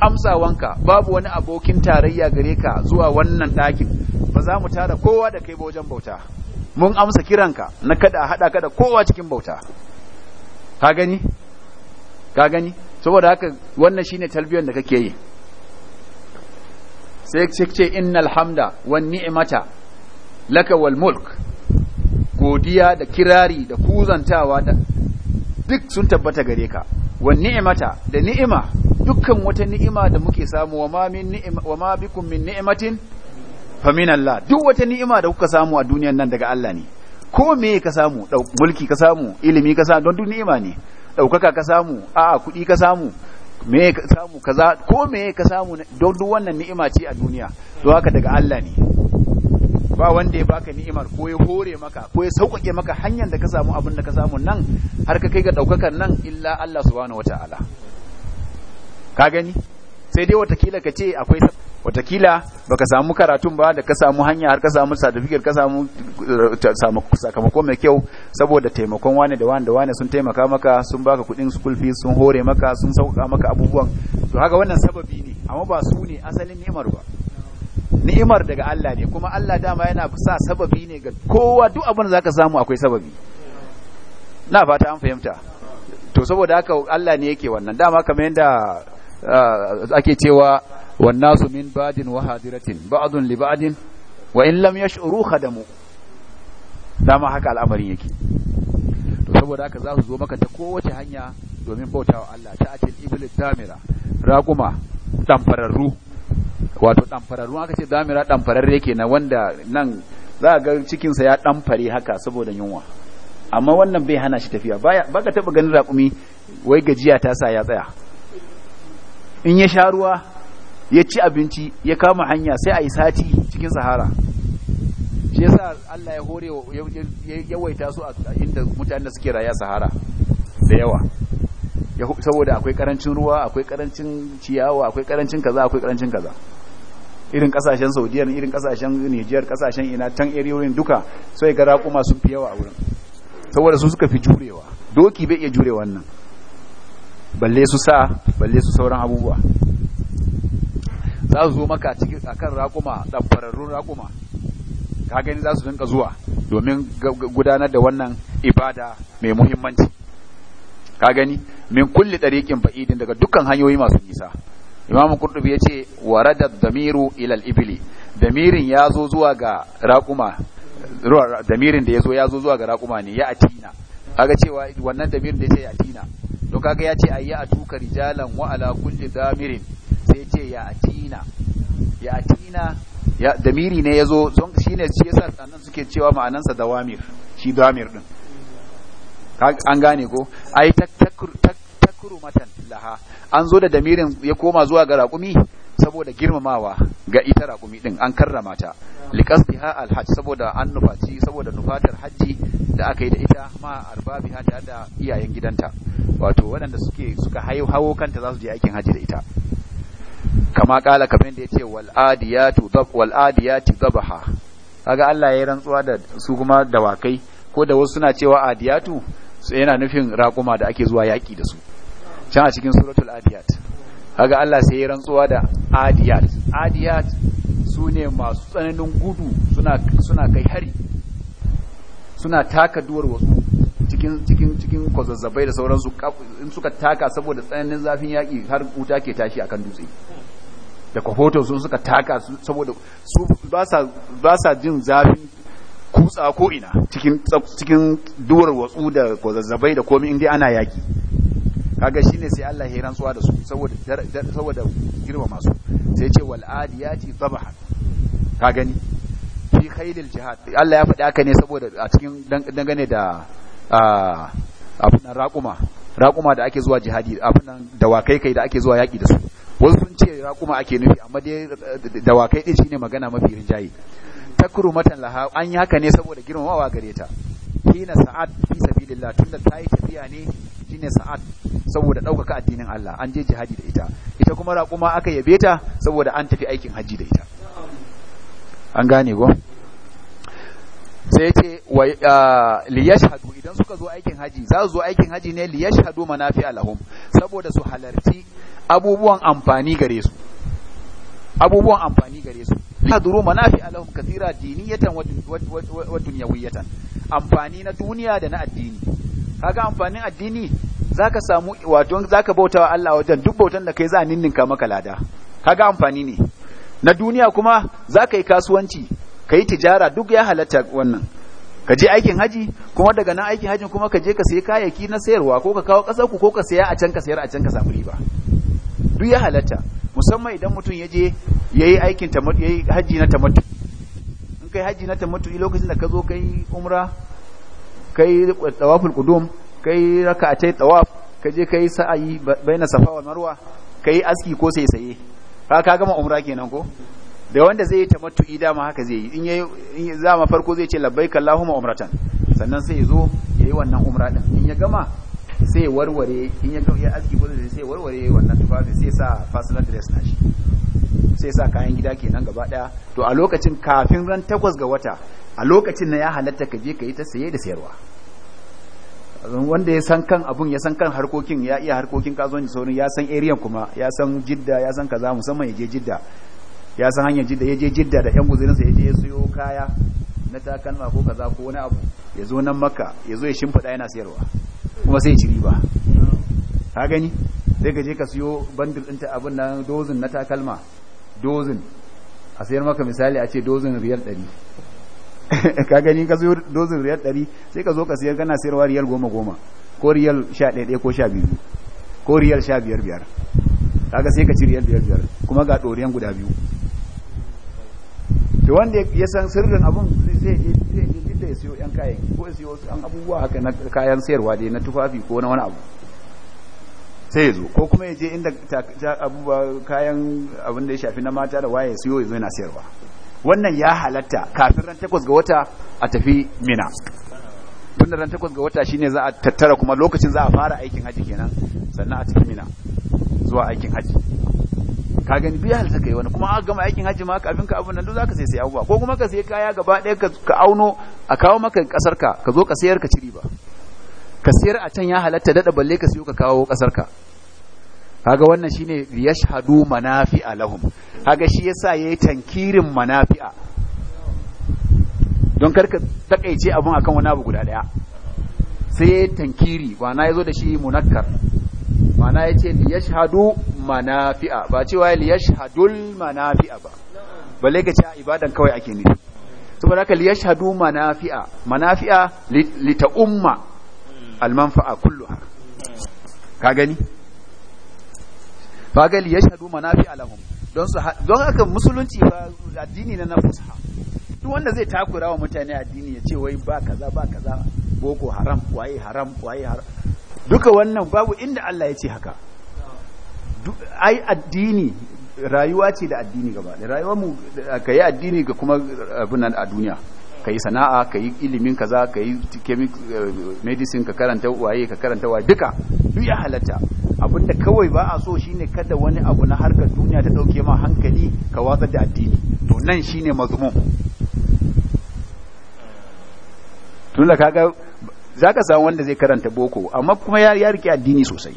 amsawanka babu wani abokin tarayya gare ka zuwa wannan ɗakin ba za mu tara kowa da kai ba wajen bauta mun amsa kiranka na kada a haɗa ka kowa cikin bauta ka gani ka gani saboda haka wannan shine talbiyan da kake yi sai ce innal hamda wan ni'mata laka wal mulk godiya da kirari da kuzantawa da duk sun tabbata gare ka wa ni'mata da ni'ima dukkan wata ni'ima da muke samu wa ma min ni'ima wa ma bikum min ni'matin fa min Allah duk wata ni'ima da kuka samu a duniyar nan daga Allah ne ko me ka samu mulki ka samu ilimi ka samu don duk ni'ima ne daukaka ka samu a'a kuɗi ka samu me ka samu kaza ko me ka samu don duk wannan ni'ima ce a duniya to haka daga Allah ne ba wanda ya baka ni'imar ko ya hore maka ko ya sauƙaƙe maka hanyar da ka samu abin da ka samu nan har ka kai ga ɗaukakar nan illa Allah subhanahu wata'ala ka gani sai dai watakila ka ce akwai watakila baka samu karatun ba da ka samu hanya har ka samu certificate ka samu sakamako mai kyau saboda taimakon wane da wane da wane sun taimaka maka sun baka kuɗin school fees sun hore maka sun sauƙaƙa maka abubuwan to haka wannan sababi ne amma ba su ne asalin ni'imar ba ni'imar daga Allah ne kuma Allah dama yana sa sababi ne ga kowa duk abin da zaka samu akwai sababi na fata an fahimta to saboda haka Allah ne yake wannan dama kamar yanda ah, ake cewa wan nasu min badin wa hadiratin ba'dun li ba'din wa in lam yash'uru khadamu dama haka al'amarin yake to saboda haka za su zo maka ta kowace hanya domin bautawa Allah ta atil iblis tamira raquma tamfararru wato ɗamfararru aka ce damira ɗamfararre ke na wanda nan za a ga cikinsa ya ɗamfare haka saboda yunwa amma wannan bai hana shi tafiya ba ka taɓa ganin raƙumi wai gajiya ta sa ya tsaya in ya sha ruwa ya ci abinci ya kama hanya sai a yi sati cikin sahara shi yasa Allah ya hore ya yawaita su a inda mutane suke raya sahara da yawa saboda akwai karancin ruwa akwai karancin ciyawa akwai karancin kaza akwai karancin kaza irin kasashen saudiya irin kasashen nijiyar kasashen ina tan eriyoyin duka sai ga raƙuma sun fi yawa a wurin saboda su suka fi jurewa doki bai iya jure wannan balle su sa balle su sauran abubuwa za su zo maka cikin akan raƙuma ɗabbararrun raƙuma ka gani za su dinka zuwa domin gudanar da wannan ibada mai muhimmanci ka gani min kulli tariqin fa'idin daga dukkan hanyoyi masu nisa imam qurtubi yace warada damiru ila al-ibli damirin yazo zuwa ga raquma damirin da yazo yazo zuwa ga raquma ne ya atina kaga cewa wannan damirin da yace ya atina to kaga yace ayya atuka rijalan wa ala kulli damirin sai yace ya atina ya atina ya damiri ne yazo shine shi yasa sannan suke cewa ma'anansa dawamir shi damir din an gane ko ai matan laha an zo da damirin ya koma zuwa ga raƙumi saboda girmamawa ga ita raƙumi din an karrama ta liqasdiha alhajj saboda an nufaci saboda nufatar hajji da aka yi da ita ma arbabiha ta da iyayen gidanta wato waɗanda suke suka hawo kanta za su je aikin hajji da ita kama kala kamar da ya wal adiyatu dab wal adiyati dabaha kaga Allah ya yi rantsuwa da su kuma dawakai ko da wasu suna cewa adiyatu sai yana nufin raƙuma da ake zuwa yaƙi da su can a cikin suratul adiyat kaga Allah sai ya rantsuwa da adiyat adiyat su ne masu tsananin gudu suna kai hari suna taka duwar wasu cikin cikin cikin kwazazzabai da sauransu in suka taka saboda tsananin zafin yaƙi har wuta ke tashi akan dutse da kwafoto sun suka taka saboda ba sa jin zafin. dutsa ko ina cikin cikin duwar watsu da kwazazzabai da komai in dai ana yaki kaga shine sai Allah ya rantsuwa da su saboda saboda girma masu sai ce wal adiyati dhabaha ka gani fi khailil jihad Allah ya faɗi haka ne saboda a cikin dangane da abun raƙuma raƙuma da ake zuwa jihadi abunan dawakai kai da ake zuwa yaƙi da su wasu sun ce raƙuma ake nufi amma dai eh, dawakai din shine magana mafi rinjaye matan laha an yi haka ne saboda girmamawa gare ta hina sa'ad fi sabilillah tunda ta yi tafiya ne shine sa'ad saboda ɗaukaka addinin Allah an je jihadi da ita ita kuma raƙuma aka yabe ta saboda an tafi aikin hajji da ita an gane go sai yace wa liyashhadu idan suka zo aikin haji za su zo aikin haji ne liyashhadu manafi'a lahum saboda su halarci abubuwan amfani gare su abubuwan amfani gare su hadru manafi'a lahum katira diniyatan wa dunyawiyatan amfani na duniya da na addini kaga amfanin addini zaka samu wato zaka bautawa Allah wajen duk bautan da kai za a ninninka maka lada kaga amfani ne na duniya kuma zaka yi kasuwanci kai tijara duk ya halatta wannan ka je aikin haji kuma daga nan aikin hajin kuma ka je ka sayi kayayyaki na sayarwa ko ka kawo kasar ku ko ka saya a can ka sayar a can ka samu riba duk ya halatta musamman idan mutum ya je ya yi aikin ya yi hajji na tamatu in kai hajji na tamattu lokacin da ka zo kai umra kai tsawafin kudum kai raka'atai tsawaf ka je kai sa'ayi bai na safawa marwa kai aski ko sai saye ka ka gama umra kenan ko da wanda zai yi tamattu'i dama haka zai yi in yi za ma farko zai ce labbaika allahumma umratan sannan sai ya zo yayi wannan umra din in ya gama sai warware in ya ya aski ko sai warware wannan tufafi sai sa personal dress na shi sai sa kayan gida nan gaba daya to a lokacin kafin ran takwas ga wata a lokacin na ya halatta ka je ka yi ta saye da sayarwa wanda ya san kan abun ya san kan harkokin ya iya harkokin kasuwanci saurin ya san area kuma ya san jidda ya san kaza musamman ya je jidda ya san hanyar jidda ya je jidda da yan sa ya je ya siyo kaya na takalma ko kaza ko wani abu ya zo nan maka ya zo ya shimfiɗa yana sayarwa kuma sai ci riba ka gani sai ka je ka siyo bandil ɗinta abin nan dozin na takalma dozin a sayar maka misali a ce dozin riyal ɗari (laughs) ka gani ka siyo dozin riyal ɗari sai ka zo ka sayar kana sayarwa riyal goma goma ko riyal sha ɗaya ko sha biyu ko riyal sha biyar biyar kaga sai ka ci riyal biyar biyar kuma ga ɗoriyan guda biyu to wanda ya san sirrin abun zai je zai je duk da ya siyo yan kayan ko ya siyo wasu abubuwa haka na kayan sayarwa dai na tufafi ko na wani abu sai ya zo ko kuma ya je inda abubuwa kayan abin da ya shafi na mata da waye ya siyo ya zo yana sayarwa wannan ya halatta kafin ran takwas ga wata a tafi mina tun da ran takwas ga wata shine za a tattara kuma lokacin za a fara aikin haji kenan sannan a tafi mina zuwa aikin haji ka gani biya halsa kai wani kuma aka gama aikin hajji ma kafin ka abin nan duk zaka sai sai abuwa ko kuma ka sai kaya gaba ɗaya ka auno a kawo maka kasar ka ka zo ka sayar ka ciri ba ka sayar a can ya halatta dada balle ka siyo ka kawo kasar ka kaga wannan shine yashhadu manafi'a lahum kaga shi yasa yayi tankirin manafi'a don kar ka takaice abun akan wani abu guda daya sai tankiri ba na yazo da shi munakkar mana ya ce liyashhadu manafi'a ba cewa liyashhadul manafi'a ba balle ka ce ibadan kawai ake nufi saboda haka liyashhadu manafi'a manafi'a lita'umma almanfa'a kulluha ka gani ba ga liyashhadu manafi'a lahum don su don haka musulunci ba addini na nafsa duk wanda zai takura wa mutane addini ya ce wai ba kaza ba kaza boko haram waye haram waye haram duka wannan babu inda Allah ya ce haka ai addini rayuwa ce da addini gaba da rayuwar mu ka yi addini ga kuma abin a duniya ka yi sana'a ka yi ilimin kaza ka yi medicine ka karanta waye ka karanta waye duka duk ya halatta abinda kawai ba a so shine kada wani abu na harkar duniya ta dauke ma hankali ka watsar da addini to nan shine mazmun tun da kaga za ka samu wanda zai karanta boko amma kuma ya rike addini sosai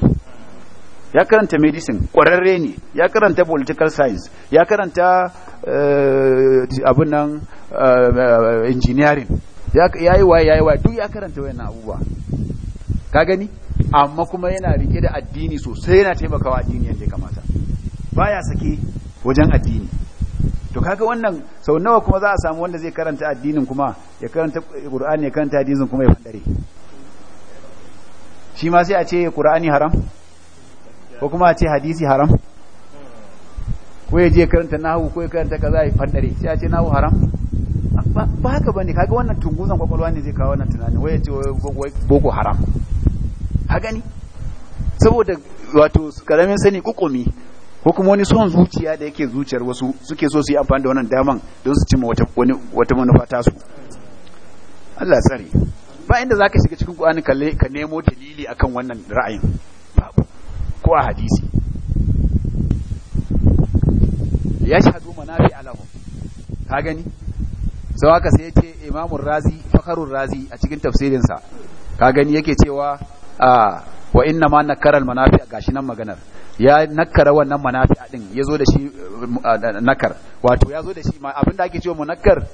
ya karanta medicine ƙwararre ne ya karanta political science ya karanta eh, abin nan eh, engineering ya yi waye ya yi waye duk ya karanta wayan abubuwa ka gani amma kuma yana rike da addini sosai yana taimakawa addini yadda ya kamata ya sake wajen addini to kaga wannan sau nawa kuma za a samu wanda zai karanta addinin kuma ya karanta qur'ani ya karanta addinin kuma ya fadare shi ma sai a ce qur'ani haram ko kuma a ce hadisi haram ko ya je karanta nahu ko ya karanta kaza ya fadare sai a ce nahu haram ba haka bane kaga wannan tunguzan kwakwalwa ne zai kawo wannan tunanin wai ya ce boko haram ha gani saboda wato karamin sani kukumi ko kuma wani son zuciya da yake zuciyar wasu suke so su yi amfani da wannan daman don su cimma wata manufa su. Allah tsare ba inda za ka shiga cikin ƙwani ka nemo dalili akan wannan ra'ayin babu ko a hadisi ya shahadu manafi alahu ka gani sau haka sai ya ce imamun razi fakarun razi a cikin tafsirinsa ka gani yake cewa a ah, wa inna ma nakara almanafi gashi nan maganar ya nakara wannan manafi'a din yazo da shi eh, eh, nakar wato yazo da shi ma abinda ake cewa munakkar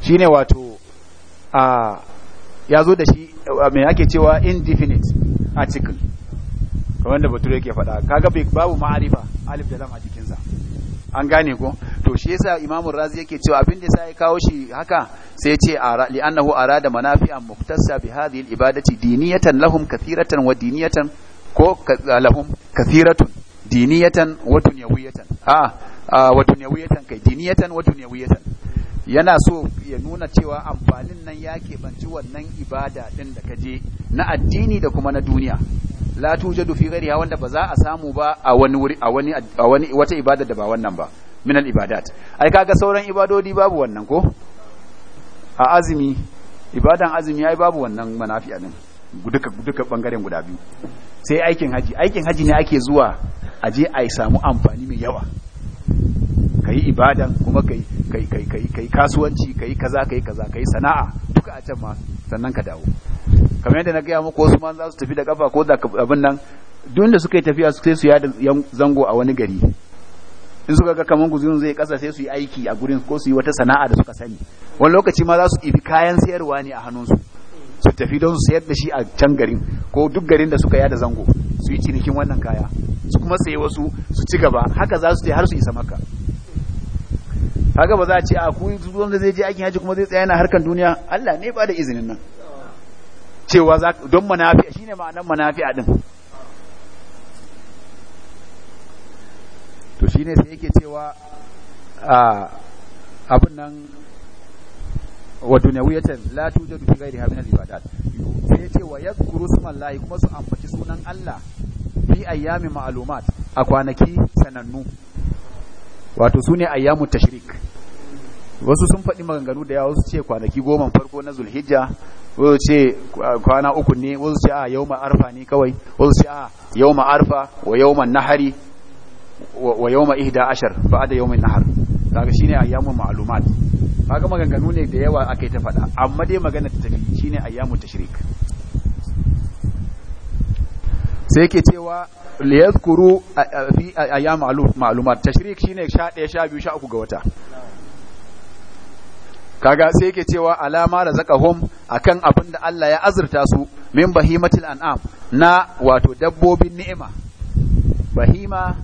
shine wato a yazo da shi eh, me ake cewa indefinite article kamar da bature yake faɗa kaga bai babu ma'arifa alif da lam a jikinsa an gane ko to shi yasa imamu razi yake cewa abin da sai kawo shi haka sai ce li annahu arada manafi'an muktasa bi hadhihi al-ibadati diniyatan lahum kathiratan wa diniyatan ko ah, lahum kathiratun diniyatan wa dunyawiyatan a ah, wa dunyawiyatan kai diniyatan wa dunyawiyatan yana so ya nuna cewa amfanin nan ya banci wannan ibada ɗin da kaje na addini da kuma na duniya la tujadu fi ghairiha wanda ba za a samu ba a wani wuri a wani a wani wata ibada da ba wannan ba min al ibadat ai kaga sauran ibadodi babu wannan ko a azumi ibadan azumi ai babu wannan manafi'a din duka duka bangaren guda biyu sai aikin haji aikin haji ne ake zuwa aje a samu amfani mai yawa kai ibadan kuma kai kai kai kai kasuwanci kai kaza kai kaza kai sana'a duka a can ma sannan ka dawo kamar yadda na gaya muku wasu ma za su tafi da kafa ko da abin nan duk da suka yi tafiya sai su yada zango a wani gari in suka ga kaman guzun zai kasa sai su yi aiki a gurin ko su yi wata sana'a da suka sani wani lokaci ma za su ibi kayan sayarwa ne a hannunsu su tafi don su sayar da shi a can garin ko duk garin da suka yada zango su yi cinikin wannan kaya su kuma sayi wasu su ci gaba haka za su je har su isa maka haka ba za a ce a ah, ku wanda zai je aikin haji kuma zai tsaya yana harkan duniya Allah ne ba da izinin nan cewa za don manafi'a shine ma'anar manafi'a din to shine sai yake cewa abin nan wa duniyawiyatan latu jadu fi gairi sai ce wa yadhkuru layi kuma su ambaci sunan Allah fi ayyami ma'alumat a kwanaki sanannu wato ne ayyamu tashrik wasu sun faɗi maganganu da yawa su ce kwanaki goma farko na Zulhijja wasu ce kwana uku ne wasu ce a yau arfa ne kawai wasu ce a yau arfa wa ma nahari wa yawma ihda ashar fa da yau nahar kaga shine ayyamu ma'lumat kaga maganganu ne da yawa yi ta faɗa amma dai magana ta tafi shine ayyamu tashrik sai yake cewa liyazkuru fi ne sha tashrik shine biyu sha uku ga wata kaga sai yake cewa alama razaqahum akan abin da Allah ya azurta su min bahimatil an'am na wato dabbobin ni'ima bahima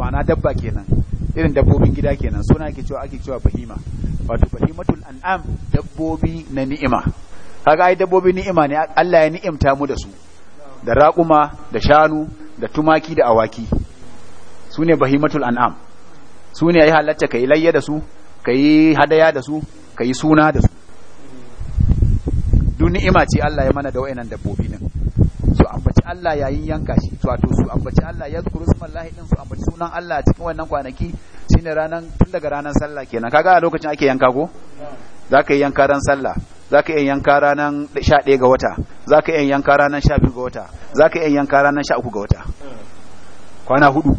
ma'ana dabba kenan irin dabbobin gida kenan suna yake cewa ake cewa bahima wato bahimatul an'am dabbobi na ni'ima kaga ai dabbobi ni'ima ne Allah ya ni'imta mu da su da raƙuma da shanu da tumaki da awaki sune bahimatul an'am sune yayi halatta kai layya da su ka yi hadaya da su ka yi suna da su duk ni'ima ce Allah ya mana da wayannan dabbobi nan su ambaci Allah yayin yanka shi wato su ambaci Allah ya zukuru su mallahi din su ambaci sunan Allah cikin wannan kwanaki shine ranan tun daga ranar sallah kenan kaga a lokacin ake yanka ko ka yi yanka ran sallah ka yi yanka ranan 11 ga wata za ka yi yanka ranan 12 ga wata za ka yi yanka ranan 13 ga wata kwana hudu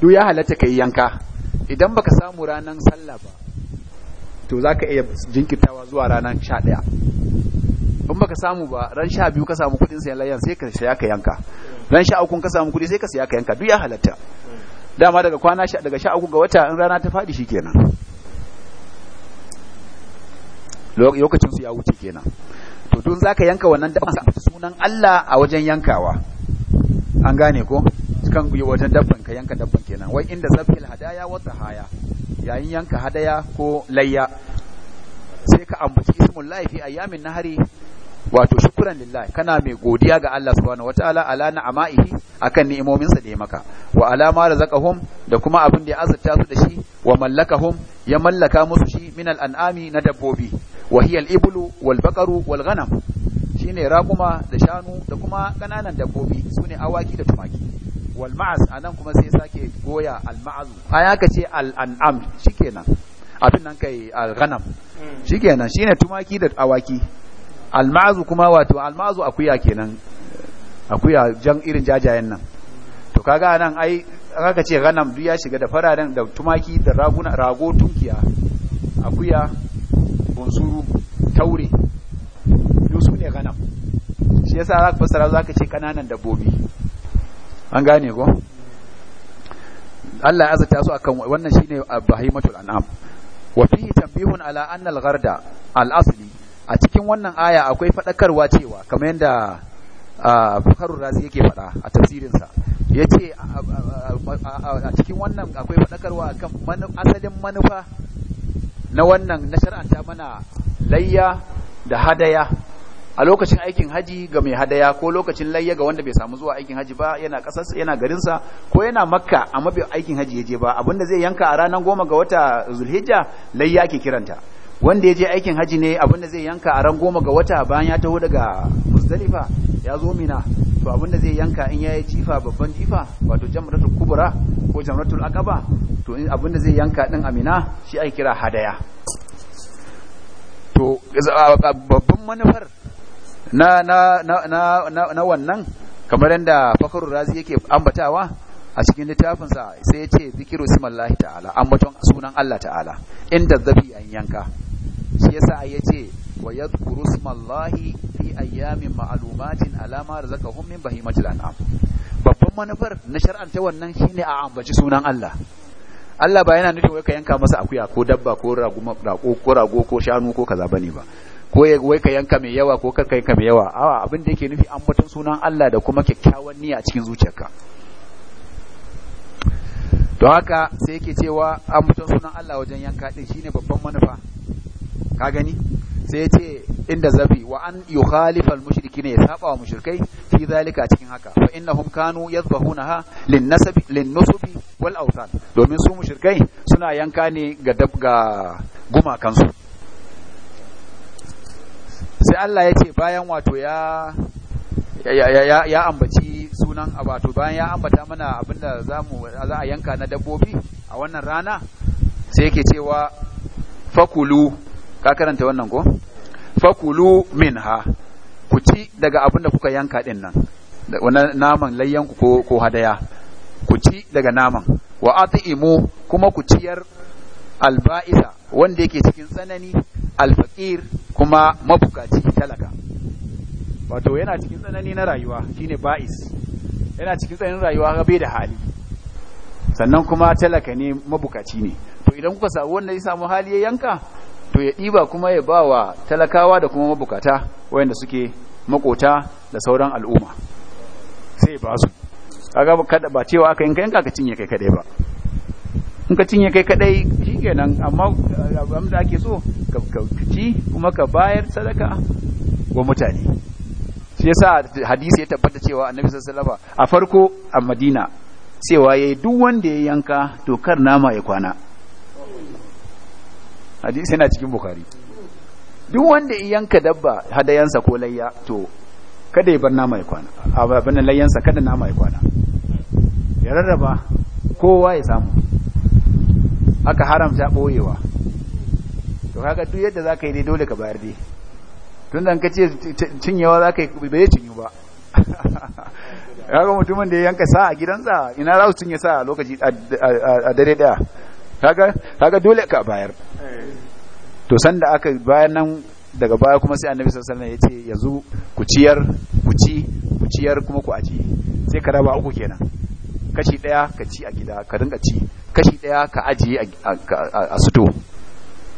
duk ya halatta ka yi yanka idan baka samu ranar sallah ba to za ka iya jinkitawa zuwa ranar sha ɗaya in baka samu ba ran sha biyu ka samu kudin sayan layan sai ka saya ka yanka ran sha uku ka samu kudi sai ka saya ka yanka duk ya halatta dama daga kwana sha daga sha uku ga wata in rana ta faɗi shikenan lokacin su ya wuce kenan to don zaka yanka wannan da sunan Allah a wajen yankawa an gane ko akan wajen dabban ka yanka dabban kenan wai inda zabhil hadaya wa haya yayin yanka hadaya ko layya sai ka ambaci lahi fi ayyamin nahari wato shukran lillahi kana mai godiya ga Allah subhanahu wataala ala na'ama'ihi akan sa da ya maka wa ala ma razaqahum da kuma abin da ya azurta su da shi wa mallakahum ya mallaka musu shi min al'an'ami na dabbobi wa hiya al-iblu wal baqaru wal ghanam shine raquma da shanu da kuma kananan dabbobi sune awaki da tumaki walma'az a anan kuma sai sake goya alma'azu a aya ka ce al an'am shikenan abin nan kai al ghanam mm. shikenan shine tumaki da awaki alma'azu kuma wato alma'azu akuya kenan akuya jan irin jajayen nan to kaga nan ai aka ce ganam duk ya shiga da fararen da tumaki da raguna rago tunkiya akuya bunsuru taure duk su ne ganam shi yasa zaka fassara zaka ce kananan dabbobi an gane ko Allah ya azata su akan wannan shine bahimatul an'am wa fihi tanbihun ala anna al-gharda al-asli a cikin wannan aya akwai fadakarwa cewa kamar yadda Fakharur Razi yake fada a tafsirinsa yace a cikin wannan akwai fadakarwa akan asalin manufa na wannan na shar'anta mana layya da hadaya a lokacin aikin haji ga mai hadaya ko lokacin layya ga wanda bai samu zuwa aikin haji ba yana kasar yana garinsa ko yana makka amma bai aikin haji yaje ba abinda zai yanka a ranar goma ga wata zulhijja layya ke kiranta wanda ya je aikin haji ne abinda zai yanka a ran goma ga wata bayan ya taho daga muzdalifa ya zo mina to abinda zai yanka in yayi jifa babban jifa wato jamratul kubra ko jamratul aqaba to abinda zai yanka din amina shi ake kira hadaya to babban manufar na na na na, na wannan kamar yadda fakarur razi yake ambatawa a cikin littafinsa sai ya ce zikiru simallahi ta'ala ambaton sunan Allah ta'ala inda zafi an yanka shi yasa ya ce wa yadhkuru simallahi fi ayyamin ma'lumatin alama da razaqahum min bahimatil an'am babban manufar na shar'anta wannan shine a ambaci sunan Allah Allah ba yana nufin wai ka yanka masa akuya ko dabba ko rago ko rago ko shanu ko kaza bane ba ko wai ka yanka mai yawa ko kar ka yanka mai yawa a'a abin da yake nufi ambaton sunan Allah da kuma kyakkyawan niyya a cikin zuciyarka To haka sai yake cewa ambaton sunan Allah wajen yanka din shine babban manufa ka gani sai ya ce inda zabi wa an yukhalifa al-mushrikina ya saba wa mushrikai fi zalika cikin haka fa innahum kanu yadhbahunaha lin-nasab lin-nusubi wal awthan domin su mushrikai suna yanka ne ga dabga gumakansu sai Allah ya ce bayan wato ya ya ambaci sunan wato bayan ya ambata mana abinda mu za a yanka na dabbobi a wannan rana sai yake cewa fakulu ka karanta wannan ko fakulu minha ku ci daga abinda kuka yanka din nan wannan naman layyanku ko ko hadaya ku ci daga naman wa atimu kuma ku ciyar alba'isa wanda yake cikin tsanani alfaqir kuma mabukaci talaka wato yana cikin tsanani na rayuwa shine ba'is yana cikin tsananin rayuwa ga da hali sannan kuma talaka ne mabukaci ne to idan kuka samu wanda ya samu hali ya yanka to ya ɗiba kuma ya ba wa talakawa da kuma mabukata wayanda suke makota da sauran al'umma sai ba su kaga ba cewa aka yanka yanka ka cinye kai kadai ba in ka cinye kai kadai shikenan amma eh, abin da ake so ka ci kuma ka bayar sadaka wa mutane shi yasa hadisi ya tabbata cewa annabi sallallahu alaihi wasallam a farko a Madina cewa yayi duk wanda ya yanka to kar nama ya kwana hadisi yana cikin bukhari duk wanda ya yanka dabba hadayansa ko layya to kada ya bar nama ya kwana abin layyansa kada nama ya kwana ya rarraba kowa ya samu aka haramta boyewa to kaga duk yadda zaka yi dai dole ka bayar dai tunda an kace cinyewa zaka yi ya cinyu ba (laughs) kaga mutumin da ya yanka sa a gidansa ina za su cinye sa a lokaci a dare daya kaga kaga dole ka bayar to sanda aka bayar nan daga baya kuma sai annabi sallallahu alaihi wasallam yace yanzu ku ciyar ku ci ku ciyar kuma ku aji sai ka raba uku kenan kashi ɗaya ka ci a gida ka dinga ci kashi daya ka ajiye a suto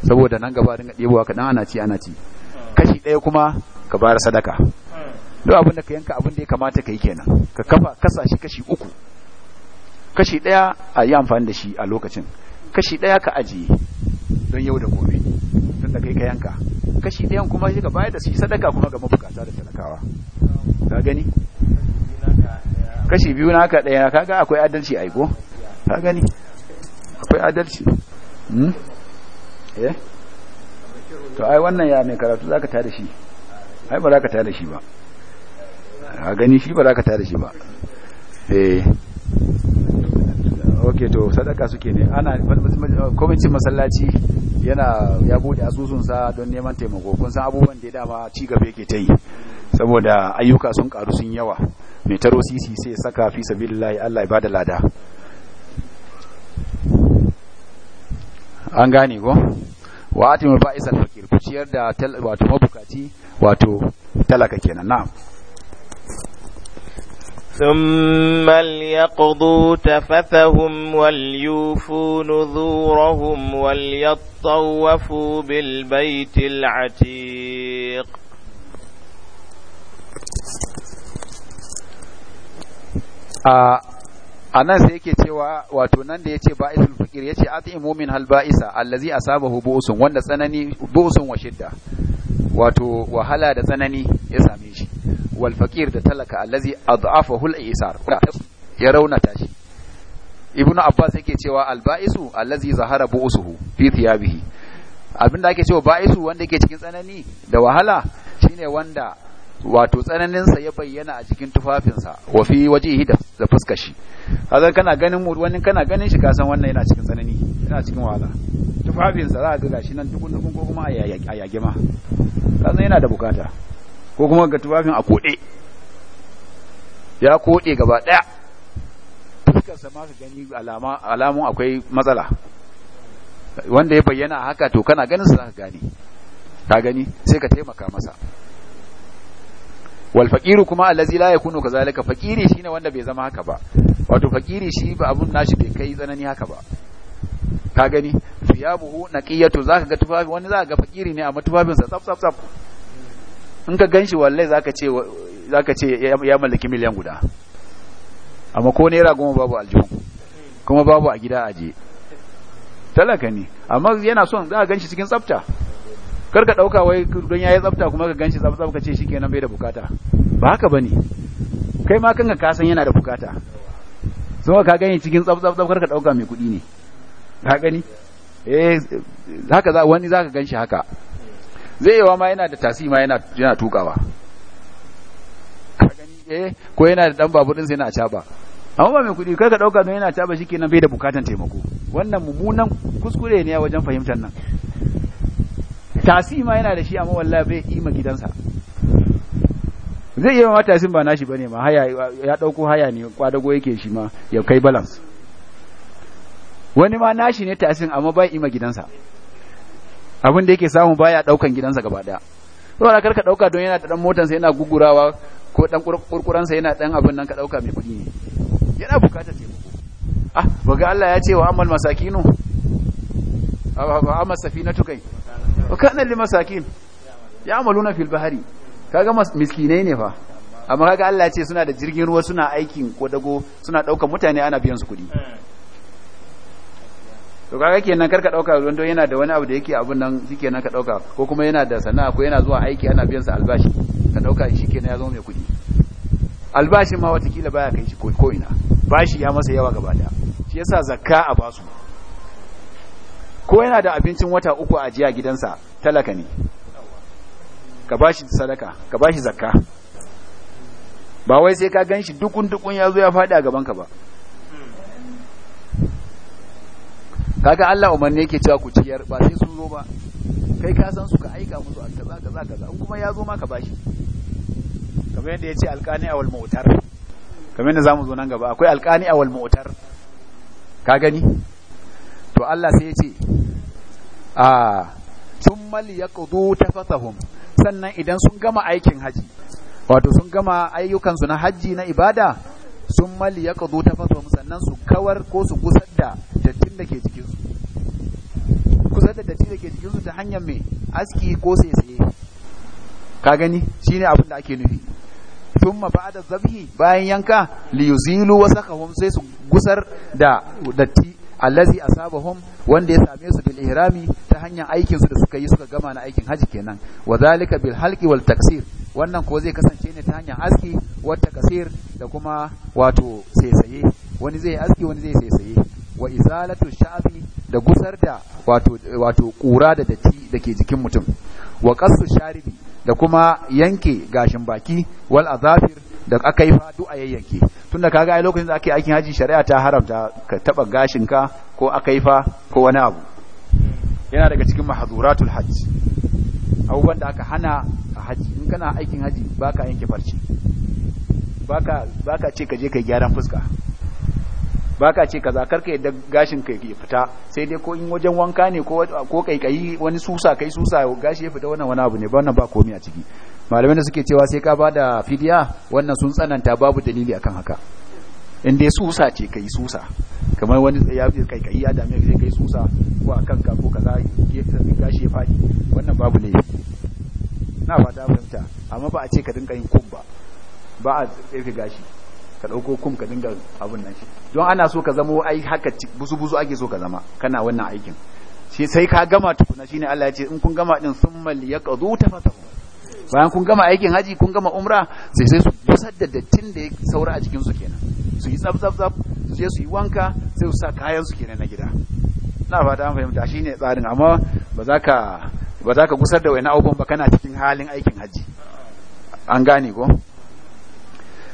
saboda nan gaba dinga ɗebowa ka dan ana ci ana ci kashi daya kuma ka bayar sadaka duk abin da ka yanka abin da ya kamata ka yi kenan ka kafa kasa kashi uku kashi ɗaya a yi amfani da shi a lokacin kashi daya ka ajiye don yau da gobe tun da kai ka yanka kashi dayan kuma shi ka bayar da shi sadaka kuma ga mabukata da talakawa ka gani kashi biyu na haka ɗaya kaga akwai adalci a iko? ka gani akwai adalci hmm eh to ai wannan ya mai karatu za ka tada shi ai ba za ka tada shi ba ka gani shi ba za ka tada shi ba eh ok to sadaka suke ne ana kwamitin masallaci yana ya bude asusunsa don neman taimako kun san abubuwan da ya dama ci gaba yake ta yi saboda ayyuka sun karu sun yawa mai taro sisi sai saka fi sabilillahi Allah ya bada lada an gane go wa atimul ba'is al-fakir ku ciyar da wato mabukaci wato talaka kenan na'am ثم ليقضوا تفثهم وليوفوا نذورهم وليطوفوا بالبيت العتيق a nan sai yake cewa wato nan da yace ba'isul fakir yace at'imu mu'min hal ba'isa allazi asabahu bu'sun wanda tsanani bu'sun wa shidda wato wahala da tsanani ya same shi wal fakir da talaka allazi ad'afahu al isar ya raunata shi ibnu abbas yake cewa al ba'isu allazi zahara bu'suhu fi thiyabihi abinda ake cewa ba'isu wanda yake cikin tsanani da wahala shine wanda wato tsananinsa ya bayyana a jikin tufafinsa wa fi wajihi da fuskar shi hazan kana ganin mu wani kana ganin shi kasan wannan yana cikin tsanani yana cikin wahala tufafinsa za ka ga gashi nan dukun dukun ko kuma a yage ma kasan yana da bukata ko kuma ga tufafin a koɗe ya koɗe gaba ɗaya fuskarsa ma ka gani alamun akwai matsala wanda ya bayyana haka to kana ganin sa za ka gane ka gani sai ka taimaka masa wal faqiru kuma allazi la yakunu kazalika faqiri shine wanda bai zama haka ba wato faqiri shi ba abun nashi bai kai tsanani haka ba ka gani fiyabuhu naqiyatu zaka ga tufafi wani zaka ga faqiri ne amma tufafinsa tsaf tsaf tsaf in ka ganshi wallahi zaka ce zaka ce ya mallaki miliyan guda amma ko naira goma babu aljihun kuma babu a gida aje talaka ne amma yana son za ganshi cikin tsafta kar ka dauka wai don yayi tsafta kuma ka ganshi tsaf tsaf ka ce shikenan bai da bukata ba haka bane kai ma kanka ka san yana da bukata so ka gani cikin tsaf tsaf tsaf kar ka dauka mai kudi ne ka gani eh haka za wani zaka ganshi haka zai yawa ma yana da tasi ma yana yana tukawa ka gani eh ko yana da dan babu din sai yana caba amma ba mai kuɗi kar ka ɗauka don yana taba shikenan bai da bukatan taimako wannan mummunan kuskure ne a wajen fahimtar nan tasi ma yana da shi amma wallahi bai kima gidansa zai iya ma tasim ba nashi bane ma haya ya dauko haya ne kwadago yake shi ma ya kai balance wani ma nashi ne tasin amma bai ima gidansa abin da yake samu baya daukan gidansa gaba daya saboda karka dauka don yana da dan motansa yana gugurawa ko dan kurkuransa yana dan abin nan ka dauka mai kudi ne yana bukatar taimako ah baga Allah ya ce wa amal masakinu amma safinatu kai wa kana lil masakin ya'maluna fil bahri kaga miskinai ne fa amma kaga Allah ya ce suna da jirgin ruwa suna aikin kodago suna daukar mutane ana biyan su kuɗi to kaga kenan karka dauka wanda yana da wani abu da yake abun nan shikenan ka dauka ko kuma yana da sana'a ko yana zuwa aiki ana biyan sa albashi ka dauka shikenan ya zama mai kuɗi albashin ma watakila baya kai shi ko ina bashi ya masa yawa gaba daya shi yasa zakka a basu ko yana da abincin wata uku a jiya gidansa talaka ne ka ba shi sadaka ka ba shi zakka ba wai sai ka gan shi, dukun dukun ya zo ya faɗi a gabanka ba kaga Allah umarni yake cewa ku ciyar ba sai sun zo ba kai ka san su ka aika musu a kaza kaza kaza in kuma ya zo ma ka shi kamar yadda yace alqani awal mu'tar kamar yadda zamu zo nan gaba akwai alqani awal mu'tar ka gani to Allah sai ya ce. Ah. a sun mali ya ƙudu ta fasahun sannan idan sun gama aikin haji wato sun gama ayyukansu na haji na ibada sun mali ya ƙudu ta fasahun sannan su kawar ko su gusar da dattin da ke jikinsu kusar da dattin da ke jikinsu ta hanyar mai aski ko sai ka gani ne abin da ake nufi sun ba da zabhi bayan yanka li wasa kawon sai su gusar da datti allazi asabahum wanda ya same su bil ihrami ta hanyar aikin su da suka yi suka gama na aikin haji kenan wa zalika bil halqi wal taksir wannan ko zai kasance ne ta hanyar aski wata kasir da kuma wato saisaye wani zai aski wani zai saisaye wa izalatu sha'fi da gusar da wato wato kura da datti dake jikin mutum wa qasu sharibi da kuma yanke gashin baki wal azafir da aka yi a yayyanke tunda kaga ai lokacin da ake aikin haji shari'a ta haramta ka taba gashinka ko akaifa ko wani abu yana daga cikin mahzuratul hajj abubuwan da aka hana a haji in kana aikin haji baka yanke farce baka baka ce ka je kai gyaran fuska baka ce kaza karka yadda gashin kai ya fita sai dai ko in wajen wanka ne ko ko kaikayi wani susa kai susa gashi ya fita wannan wani abu ne ba wannan ba komai a ciki malamai da suke cewa sai ka ba da fidiya wannan sun tsananta babu dalili akan haka in dai susa ce ka yi susa kamar wani ya fi kaikayi ya dami sai ka yi susa ko a kanka ko kaza gashi ya fadi. wannan babu ne na fata fahimta amma ba a ce ka dinga yin kum ba ba a tsirka gashi ka ɗauko kum ka dinga abin nan shi don ana so ka zama ai haka buzu-buzu ake so ka zama kana wannan aikin sai ka gama tukuna shine Allah ya ce in kun gama din summal yaqdu tafatahum bayan kun gama aikin haji kun gama umra sai sai su busar da dattin da ya saura a jikinsu kenan su yi tsaf tsaf su je su yi wanka sai su sa kayan su kenan na gida na fata an fahimta ne tsarin amma ba za ka ba za ka gusar da wani abubuwan ba kana cikin halin aikin haji an gane ko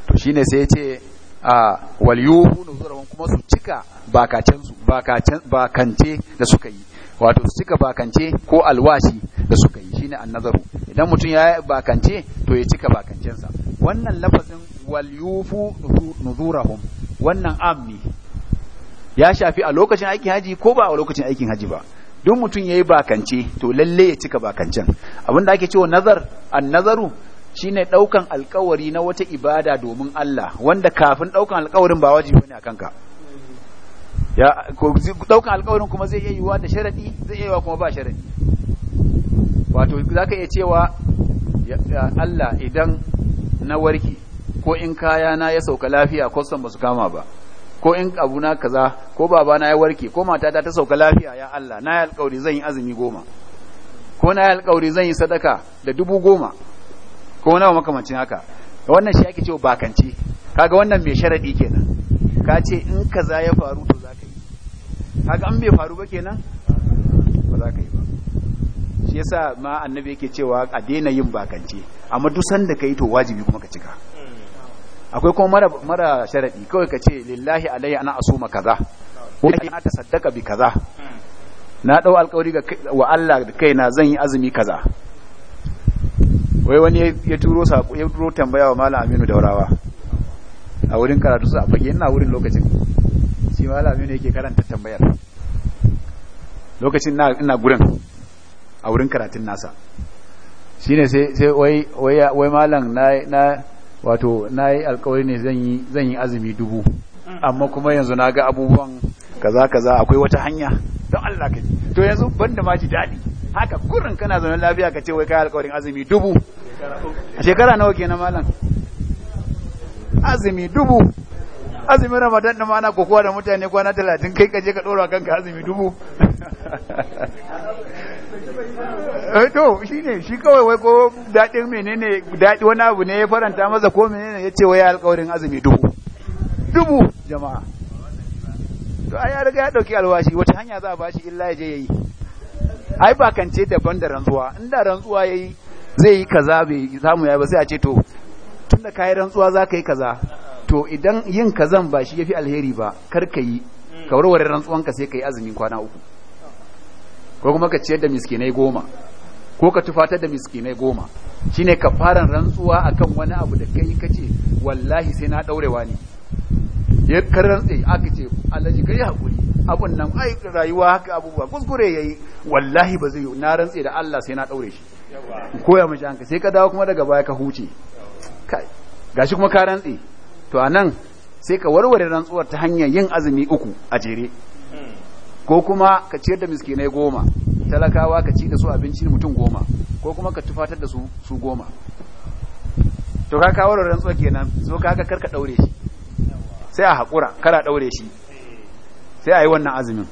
to shine sai ya ce a waliyuhu nuzurahum kuma su cika bakance da suka yi wato su cika bakance ko alwashi da suka yi shine annazaru idan mutum ya bakance to ya cika bakancensa wannan lafazin walyufu nuzurahum wannan amni ya shafi a lokacin aikin haji ko ba a lokacin aikin haji ba duk mutum ya yi bakance to lalle ya cika bakancen abinda ake cewa nazar annazaru shine daukan alkawari na wata ibada domin Allah wanda kafin daukan alkawarin ba wajibi bane akan ka ya daukan alkawarin kuma zai iya da sharadi zai iya yiwa kuma ba sharadi wato zaka iya cewa Allah idan na warki ko in kaya na ya sauka lafiya ko ba su kama ba ko in abuna kaza ko babana ya warke ko matata ta sauka lafiya ya Allah na yi alkawari zan yi azumi goma ko na yi alkawari zan yi sadaka da dubu goma ko nawa makamancin haka wannan shi ake cewa bakanci kaga wannan mai sharadi kenan ka ce in ka za ya faru to za ka yi kaga an bai faru ba kenan ba za ka yi ba shi yasa ma annabi yake cewa a daina yin bakanci amma duk sanda kai to wajibi kuma ka cika akwai kuma mara mara sharadi kawai ka ce lillahi alayya ana asuma kaza ko ina ta saddaka bi kaza na dau alƙawari ga wa Allah da kaina zan yi azumi kaza wai wani ya turo sako ya turo tambaya wa malam aminu daurawa a wurin karatu su a fage ina wurin lokacin shi malam aminu yake karanta tambayar lokacin ina gurin a wurin karatun nasa shine sai sai wai wai malam na na wato na yi alkawari ne zan yi zan yi azumi dubu amma kuma yanzu na ga abubuwan kaza kaza akwai wata hanya don Allah ka to yanzu banda ma ji daɗi haka kurin kana zaune lafiya ka ce wai kai alƙawarin azumi dubu a shekara nawa kenan malam azumi dubu azumin ramadan da mana kokowa da mutane kwana talatin kai kaje ka ɗora kanka azumi dubu (laughs) eh, to shi ne shi kawai wai ko daɗin menene daɗi wani abu ne ya faranta masa ko menene ya ce wai alƙawarin azumi dubu dubu jama'a to ai ya riga ya ɗauki alwashi wata hanya za a bashi illa ya je ya yi ai kance daban da rantsuwa in da rantsuwa yayi zai yi kaza bai samu yayi ba sai a ce to tunda kai rantsuwa za ka yi kaza to idan yin kazan ba shi yafi alheri ba kar ka yi ka warware rantsuwanka sai ka yi azumin kwana uku ko kuma ka ciyar da miskinai goma ko ka tufatar da miskinai goma shine ka fara rantsuwa akan wani abu da kai kace wallahi sai na daurewa ne ya karantse aka ce alhaji kai hakuri abun nan ai rayuwa haka abubuwa kuskure yayi wallahi ba zai na rantse da Allah sai na daure shi koya mishi hanka sai ka dawo kuma daga baya ka huce kai gashi kuma ka rantse to anan sai ka warware rantsuwar ta hanyar yin azumi uku a jere ko kuma ka ciyar da miskinai goma talakawa ka ci da su abinci mutum goma ko kuma ka tufatar da su su goma to ka kawo rantsuwa kenan zo ka ga ka daure shi sai a haƙura kara ɗaure shi sai a yi wannan azumin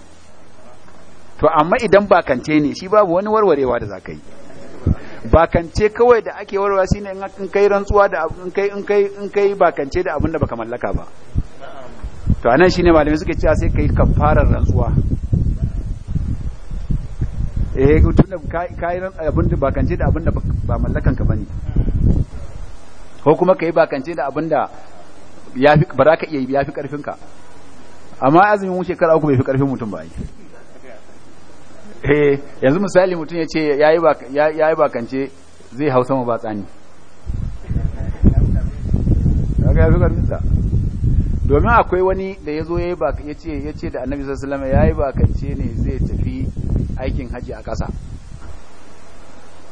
to amma idan bakance ne shi babu wani warwarewa da za ka yi bakance kawai da ake warwa shi ne in kai rantsuwa da in kai in kai in kai bakance da abin da baka mallaka ba to anan shi ne malamai suka cewa sai kai kafarar rantsuwa eh tunda kai abin da bakance da abin da ba mallakan ka bane ko kuma kai bakance da abin da yafi ba za ka iya yi fi karfin ka amma azumin wuce shekara uku bai fi karfin mutum ba yi eh yanzu misali mutum ya ce yayi ba yayi bakance zai hau sama ba tsani kaga yafi karfin sa domin akwai wani da ya zo ya ce ya ce da annabi sallallahu alaihi wasallam yayi bakance ne zai tafi aikin haji a ƙasa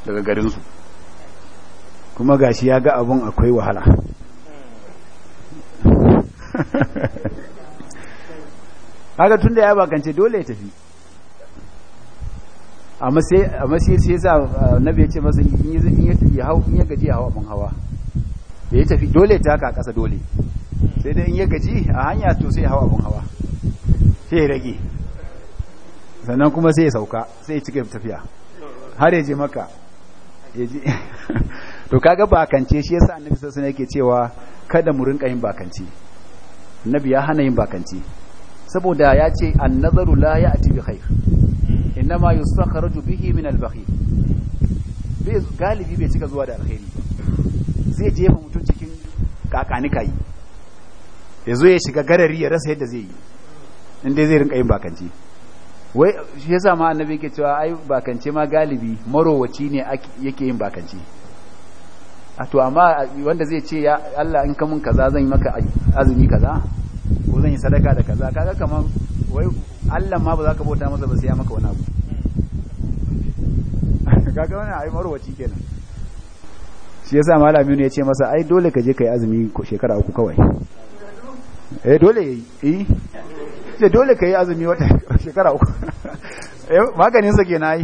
daga garinsu kuma gashi ya ga abun akwai wahala haka (laughs) tun da ya bakance dole ya tafi amma sai amma sai sa uh, annabi ya ce masa in ya tafi hau in ya gaji ya hawa mun hawa da ya tafi dole ta haka a kasa dole sai dai in ya gaji a hanya to sai hawa mun hawa sai ya rage sannan kuma sai ya sauka sai ya cika tafiya har ya je maka (laughs) to kaga bakance shi yasa annabi sassana alaihi yake cewa kada mu rinka yin bakance nabi ya hana yin bakanci saboda ya ce nazaru la ya ati bi khair ma yustakhraju bihi min al-bakhil bai galibi bai cika zuwa da alkhairi zai jefa mutun cikin kakanika yi ya zo ya shiga garari ya rasa yadda zai yi inda zai rinka yin bakanci wai shi yasa ma annabi yake cewa ai bakance ma galibi marowaci ne yake yin bakanci to amma wanda zai ce ya Allah in ka mun kaza zan yi maka azumi kaza ko zan yi sadaka da kaza kaga kaman wai Allah ma ba za ka bauta masa ba sai ya maka wani abu (laughs) kaga wannan ai marwaci kenan shi yasa malami ne ya ce masa ai dole ka je kai azumi shekara uku kawai eh dole eh dole kai azumi wata (laughs) shekara uku (laughs) eh maganin sa kenan ai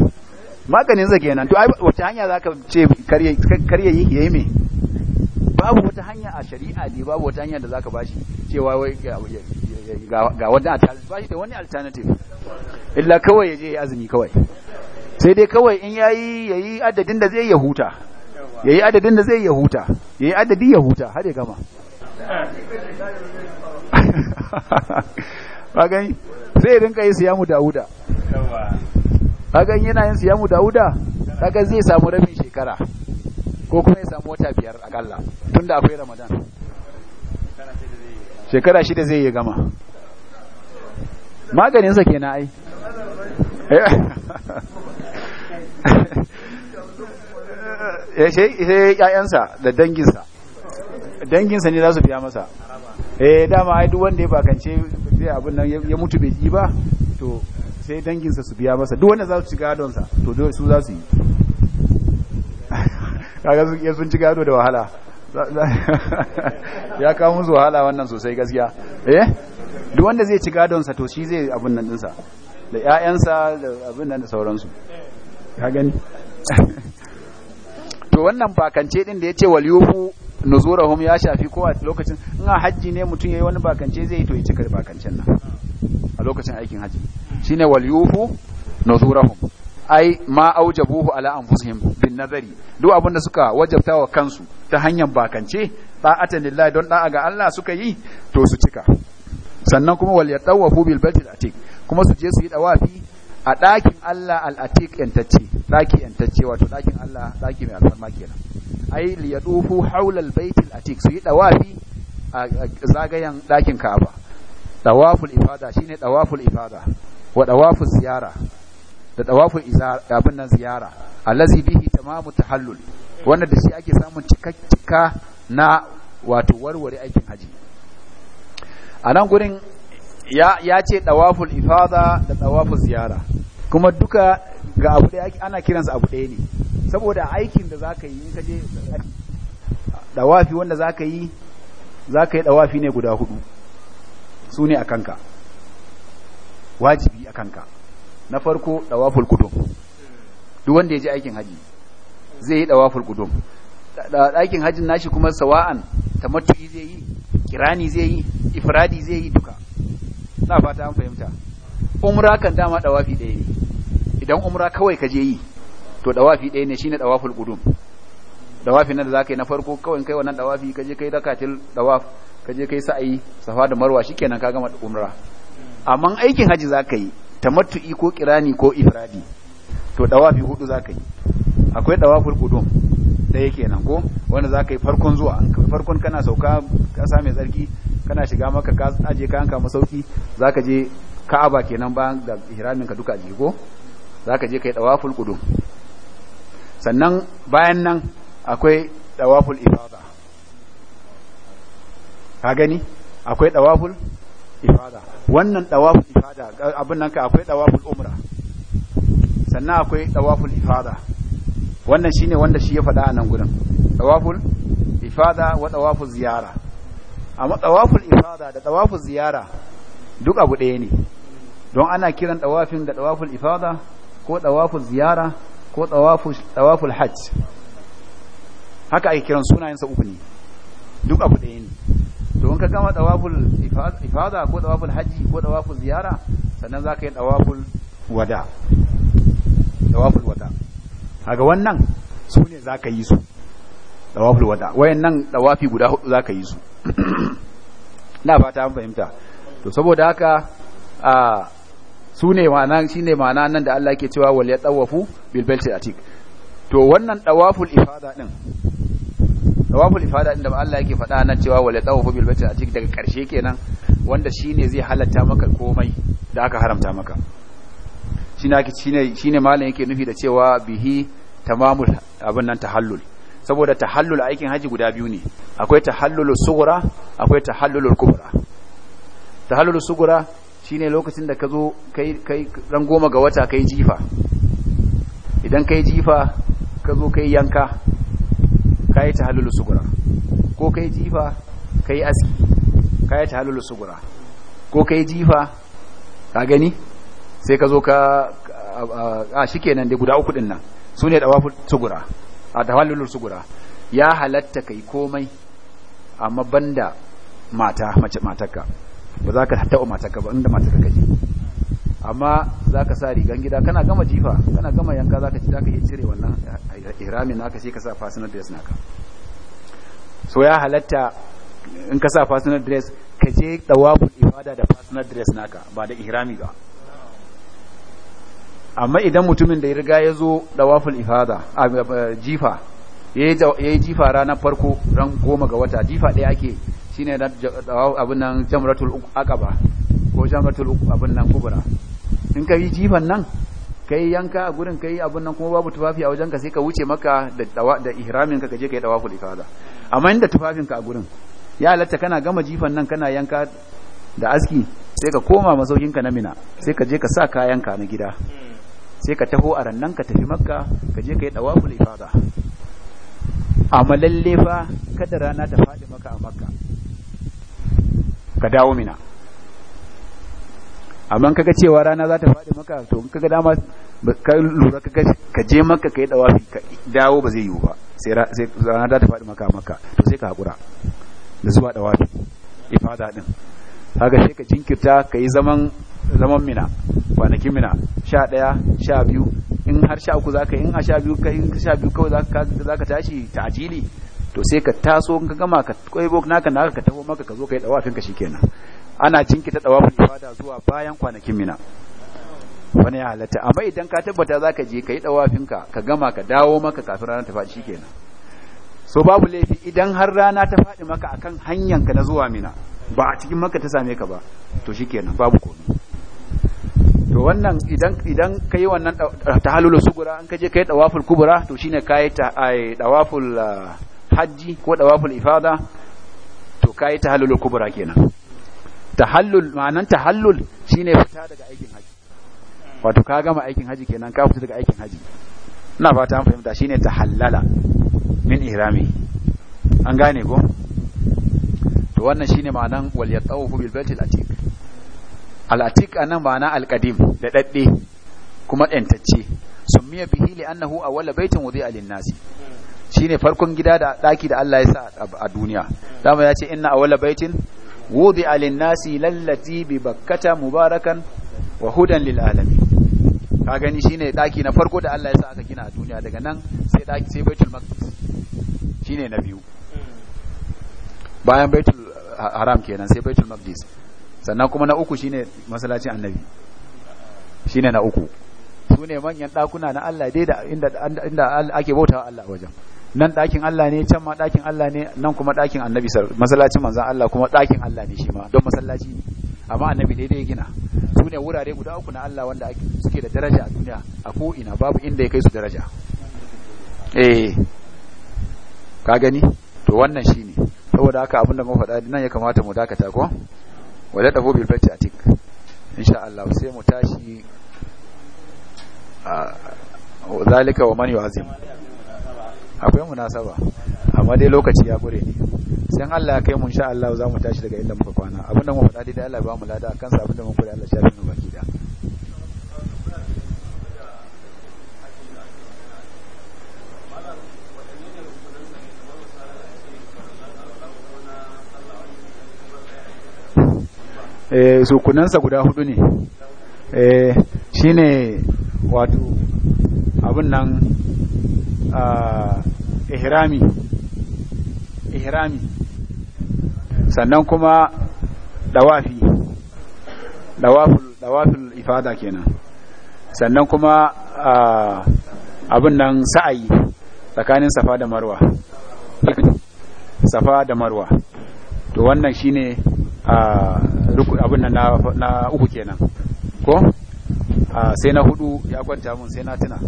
maganin zage nan to ai wace hanya zaka ce karye ya yi yayi me babu wata hanya a shari'a ne babu wata hanya da zaka bashi cewa wai ga a alternative bashi da wani alternative illa kawai yaje yayi azumi kawai sai dai kawai in yayi yayi adadin da zai ya huta yayi adadin da zai ya huta yayi adadi ya huta har ya gama ba (laughs) gani sai rinka yi siyamu dauda kagan yana yin siyamu dauda kaga zai samu rabin shekara ko kuma ya samu wata biyar akalla tunda akwai ramadan shekara shida zai yi gama maganinsa kenan ai ya (laughs) eh, sai ya'yansa da danginsa danginsa ne za su biya masa eh dama ai duk wanda ya bakance zai abin nan ya mutu bai ji ba to sai danginsa su biya masa duk wanda za su ci gadonsa to dole su za su yi (laughs) kaga su iya sun ci gado da wahala (laughs) ya kawo musu wahala wannan sosai gaskiya eh duk wanda zai ci gadonsa to shi zai abin nan dinsa da ƴaƴansa da abin nan da sauransu ka gani (laughs) to wannan bakance din da yace wal yufu nuzurahum ya shafi ko a lokacin in a hajji ne mutum ya yayi wani bakance zai yi to ya cika bakancen nan a lokacin aikin hajji shine wal yufu nuzurahum ai ma aujabuhu ala anfusihim bin nazari duk abin da suka wajabta wa kansu ta hanyar bakance da'atan lillahi don da'a ga Allah suka yi to su cika sannan kuma wal yatawafu bil baitil atiq kuma su je su yi dawafi a ɗakin Allah al-atiq yantacce ɗaki yantacce wato ɗakin Allah ɗaki mai alfarma kenan ai liyadufu haulal baitul atik su yi dawafi a zagayen dakin Ka'aba dawaful ifada shine dawaful ifada wa dawaful ziyara da dawaful abin nan ziyara allazi bihi tamamu tahallul wanda da shi ake samun cikakkika na wato warware aikin haji a nan gurin ya ce dawaful ifada da dawaful ziyara kuma duka ga abu ɗaya ana kiransa abu ɗaya ne saboda aikin da zaka yi in ka je dawafi wanda zaka yi zaka yi dawafi ne guda hudu su ne ka wajibi ka na farko dawaful kudum duk wanda ya je aikin haji zai yi dawaful kudum aikin hajin nashi kuma sawa'an tamattu'i zai yi kirani zai yi ifradi zai yi duka na fata an fahimta umra kan dama dawafi ɗaya ne idan umra kawai ka je yi to dawafi ɗaya ne shine dawaful qudum dawafi nan da zaka yi na farko kawai kai wannan dawafi kaje kai rakatil dawaf kaje kai sa'i safa da marwa shikenan ka gama umra amma aikin haji zaka yi tamattu'i ko kirani ko ifradi to dawafi hudu zaka yi akwai dawaful qudum ɗaya kenan ko wanda zaka yi farkon zuwa farkon kana sauka kasa mai tsarki kana shiga maka ka aje kayan ka masauki zaka je ka'aba kenan ba da ihramin ka duka jiko zaka je kai dawaful qudum sannan bayan nan akwai dawaful ifada ka gani akwai dawaful ifada wannan dawaful ifada abin nan ka akwai dawaful umra sannan akwai dawaful ifada wannan shine wanda shi ya faɗa a nan gudun dawaful ifada wa dawaful ziyara amma dawaful ifada da dawaful ziyara duk abu ɗaya ne don ana kiran dawafin da dawaful ifada ko dawaful ziyara ko tsawaful hajj haka ake kiran sunayensa uku ne duk abu ɗaya ne in ka gama tsawaful ifada ko tsawaful hajji ko tsawaful ziyara sannan za ka yi tsawaful wada tsawaful wada haga wannan su ne za ka yi su tsawaful wada wayan nan tsawafi guda hudu za ka yi su (clears throat) na fata an fahimta to saboda haka a su ne ma'ana ne ma'ana nan da Allah ke cewa wal yatawafu bil baiti atik to wannan tawaful ifada din tawaful ifada din da Allah yake faɗa nan cewa wal yatawafu bil baiti atik daga ƙarshe kenan wanda shi ne zai halatta maka komai da aka haramta maka ne shine shine malam yake nufi da cewa bihi tamamul abin nan tahallul saboda tahallul aikin haji guda biyu ne akwai tahallul sughra akwai tahallul kubra tahallul sughra shine lokacin da ka zo kai ran goma ga wata kai jifa idan kai jifa ka zo kai yanka ka ta tahallulu sugura ko kai jifa ka yi aski ka ta tahallulu sugura ko kai jifa ka gani sai ka zo ka a shikenan da guda uku din nan ne dawafu sugura a tahallulu sugura ya halatta kai komai amma banda mata mace matarka ba za ka taɓa matarka ba inda matarka kaje amma za ka sa rigan gida kana gama jifa kana gama yanka za ka ci za ka iya cire wannan ihramin naka sai ka sa fasinar dress naka so ya halatta in ka sa fasinar dress ka je dawaful ibada da fasinar dress naka ba da ihrami ba amma idan mutumin da ya riga ya zo dawaful ifada a jifa ya yi jifa ranar farko ran goma ga wata jifa ɗaya ake shine da abin nan jamratul aqaba ko jamratul abin nan kubra in ka yi jifan nan ka yi yanka a gurin ka yi abin nan kuma babu tufafi a wajenka sai ka wuce maka da dawa da ihramin ka kaje ka yi dawaful ifada amma inda tufafin ka a gurin ya halatta kana gama jifan nan kana yanka da aski sai ka koma masaukin ka na mina sai ka je ka sa kayan ka na gida sai ka taho a rannan ka tafi makka ka je ka yi dawaful ifada amma lalle fa kada rana ta faɗi maka a makka ka dawo mina amma kaga cewa rana za ta faɗi maka to in kaga dama ka lura kaga ka je maka kai dawafi ka dawo ba zai yiwu ba sai rana za ta faɗi maka maka to sai ka hakura da zuwa dawafi ifada din kaga sai ka jinkirta ka yi zaman zaman mina kwanakin mina sha ɗaya sha biyu in har sha uku za ka yi in a sha biyu ka yi sha biyu kawai za ka tashi ta ajili to sai ka taso ka gama ka kwaibo naka naka ka taho maka ka zo kai dawafin ka shikenan ana cinkita dawafin ifada zuwa bayan kwanakin mina wani ya halatta amma idan ka tabbata zaka je kai dawafin ka ka gama ka dawo maka kafin rana ta faɗi shikenan so babu laifi idan har rana ta faɗi maka akan hanyar ka na zuwa mina ba a cikin maka ta same ka ba to shikenan babu komai to wannan idan idan kai wannan tahalulu sugura an kaje kai dawaful kubra to shine kai ta ai dawaful ah, hajji ko dawaful ifada to kai tahallul kubra kenan tahallul ma'anan tahallul shine fita daga aikin haji wato ka gama aikin haji kenan ka fita daga aikin haji ina fata an fahimta shine tahallala min ihrami an gane ko to wannan shine ma'anan wal yatawafu bil baitil atiq al atiq anan ma'ana al qadim da dadde kuma dantacce summiya bihi li annahu awwala baitin wudi'a lin nasi shine farkon gida da daki da Allah ya sa a duniya dama ya ce inna awwala baitin Wudi alin nasi lallati bi bakkata mubarakan wa hudan lil alamin ka gani shine daki na farko da Allah ya sa aka gina a duniya daga nan sai daki sai baitul maqdis shine na biyu bayan baitul haram kenan sai baitul maqdis sannan kuma na uku shine masallacin annabi shine na uku sune manyan dakuna na Allah dai da inda inda ake bautawa Allah wajen nan ɗakin Allah ne can ma ɗakin Allah ne nan kuma ɗakin annabi masallacin manzan Allah kuma ɗakin Allah ne shi ma don masallaci ne amma annabi daidai gina su ne wurare guda uku na Allah wanda suke da daraja a duniya a ko'ina babu inda ya kai su daraja eh ka gani to wannan shi ne saboda haka abinda mun faɗa nan ya kamata mu dakata ko wala ɗafo bil a atik insha Allah sai mu tashi zalika wa man yu'azim akwai munasaba amma dai lokaci ya gure ne sai Allah ya kai mu insha Allah za mu tashi daga inda muka kwana abin da mu faɗa dai Allah ba mu lada akan sa da mu kula Allah ya shafi mu baki da eh sukunansa guda hudu ne eh shine wato abin nan ihrami ihrami sannan kuma dawafi dawaful dawaful ifada kenan sannan kuma abin nan sa'ayi tsakanin safa da marwa safa da marwa to wannan shine abin nan na uku kenan ko sai na hudu ya kwanta mun sai na tuna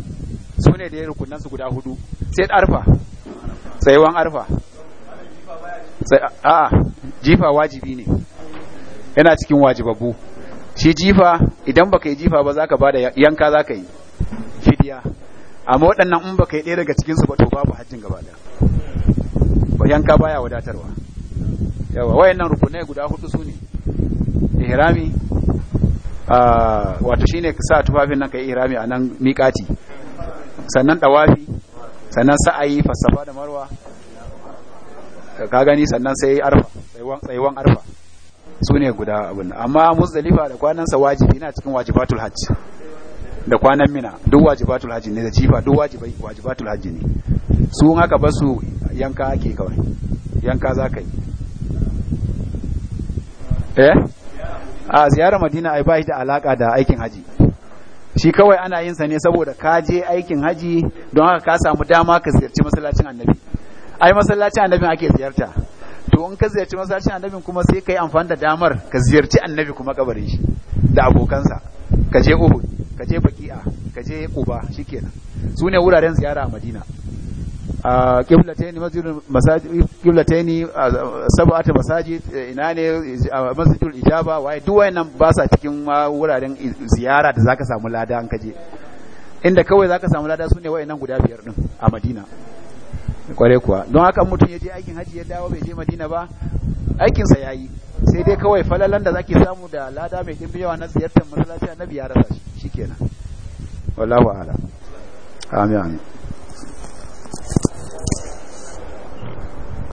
su ne da rukunan su guda hudu sai arfa tsayuwan arfa a'a jifa wajibi ne yana cikin wajibabu shi jifa idan baka yi jifa ba zaka bada yanka zaka yi fidiya amma waɗannan in baka yi ɗaya daga cikinsu ba to babu hajjin gaba da yanka baya wadatarwa yawa wayannan rukunai guda hudu su ne ihrami ah, wato shine ka sa tufafin nan ka yi ihrami a nan miƙati sannan ɗawafi sannan sa'ayi fassafa da marwa ka gani sannan sai arfa tsayuwan arfa su ne guda abin amma musdalifa da kwanansa wajibi na cikin wajibatul hajji da kwanan mina duk wajibatul hajji ne da jifa duk wajibai wajibatul hajji ne su haka ba su yanka ake kawai yanka za ka yi eh a ziyarar madina ai ba shi da alaka da aikin haji shi kawai ana yin sa ne saboda ka je aikin haji don haka ka samu dama ka ziyarci masallacin annabi ai masallacin annabin ake ziyarta to in ka ziyarci masallacin annabi kuma sai ka amfani da damar ka ziyarci annabi kuma kabarin shi da abokansa ka je Uhud ka je Baki'a ka je Quba shikenan sune wuraren ziyara a Madina qiblatayn masjidul masajid qiblatayn sab'atu masajid e, ina ne masjidul ijaba waye duk wayannan ba sa cikin wuraren ziyara da zaka samu lada an kaje inda kawai zaka samu lada sune wayannan guda biyar din a Madina kware kuwa don haka mutum ya je aikin haji ya dawo bai je Madina ba aikin sa yayi sai dai kawai falalan da zaki samu da lada mai dimbi yawa na ziyartar masallaci annabi ya rasa shi shikenan wallahu a'lam amin amin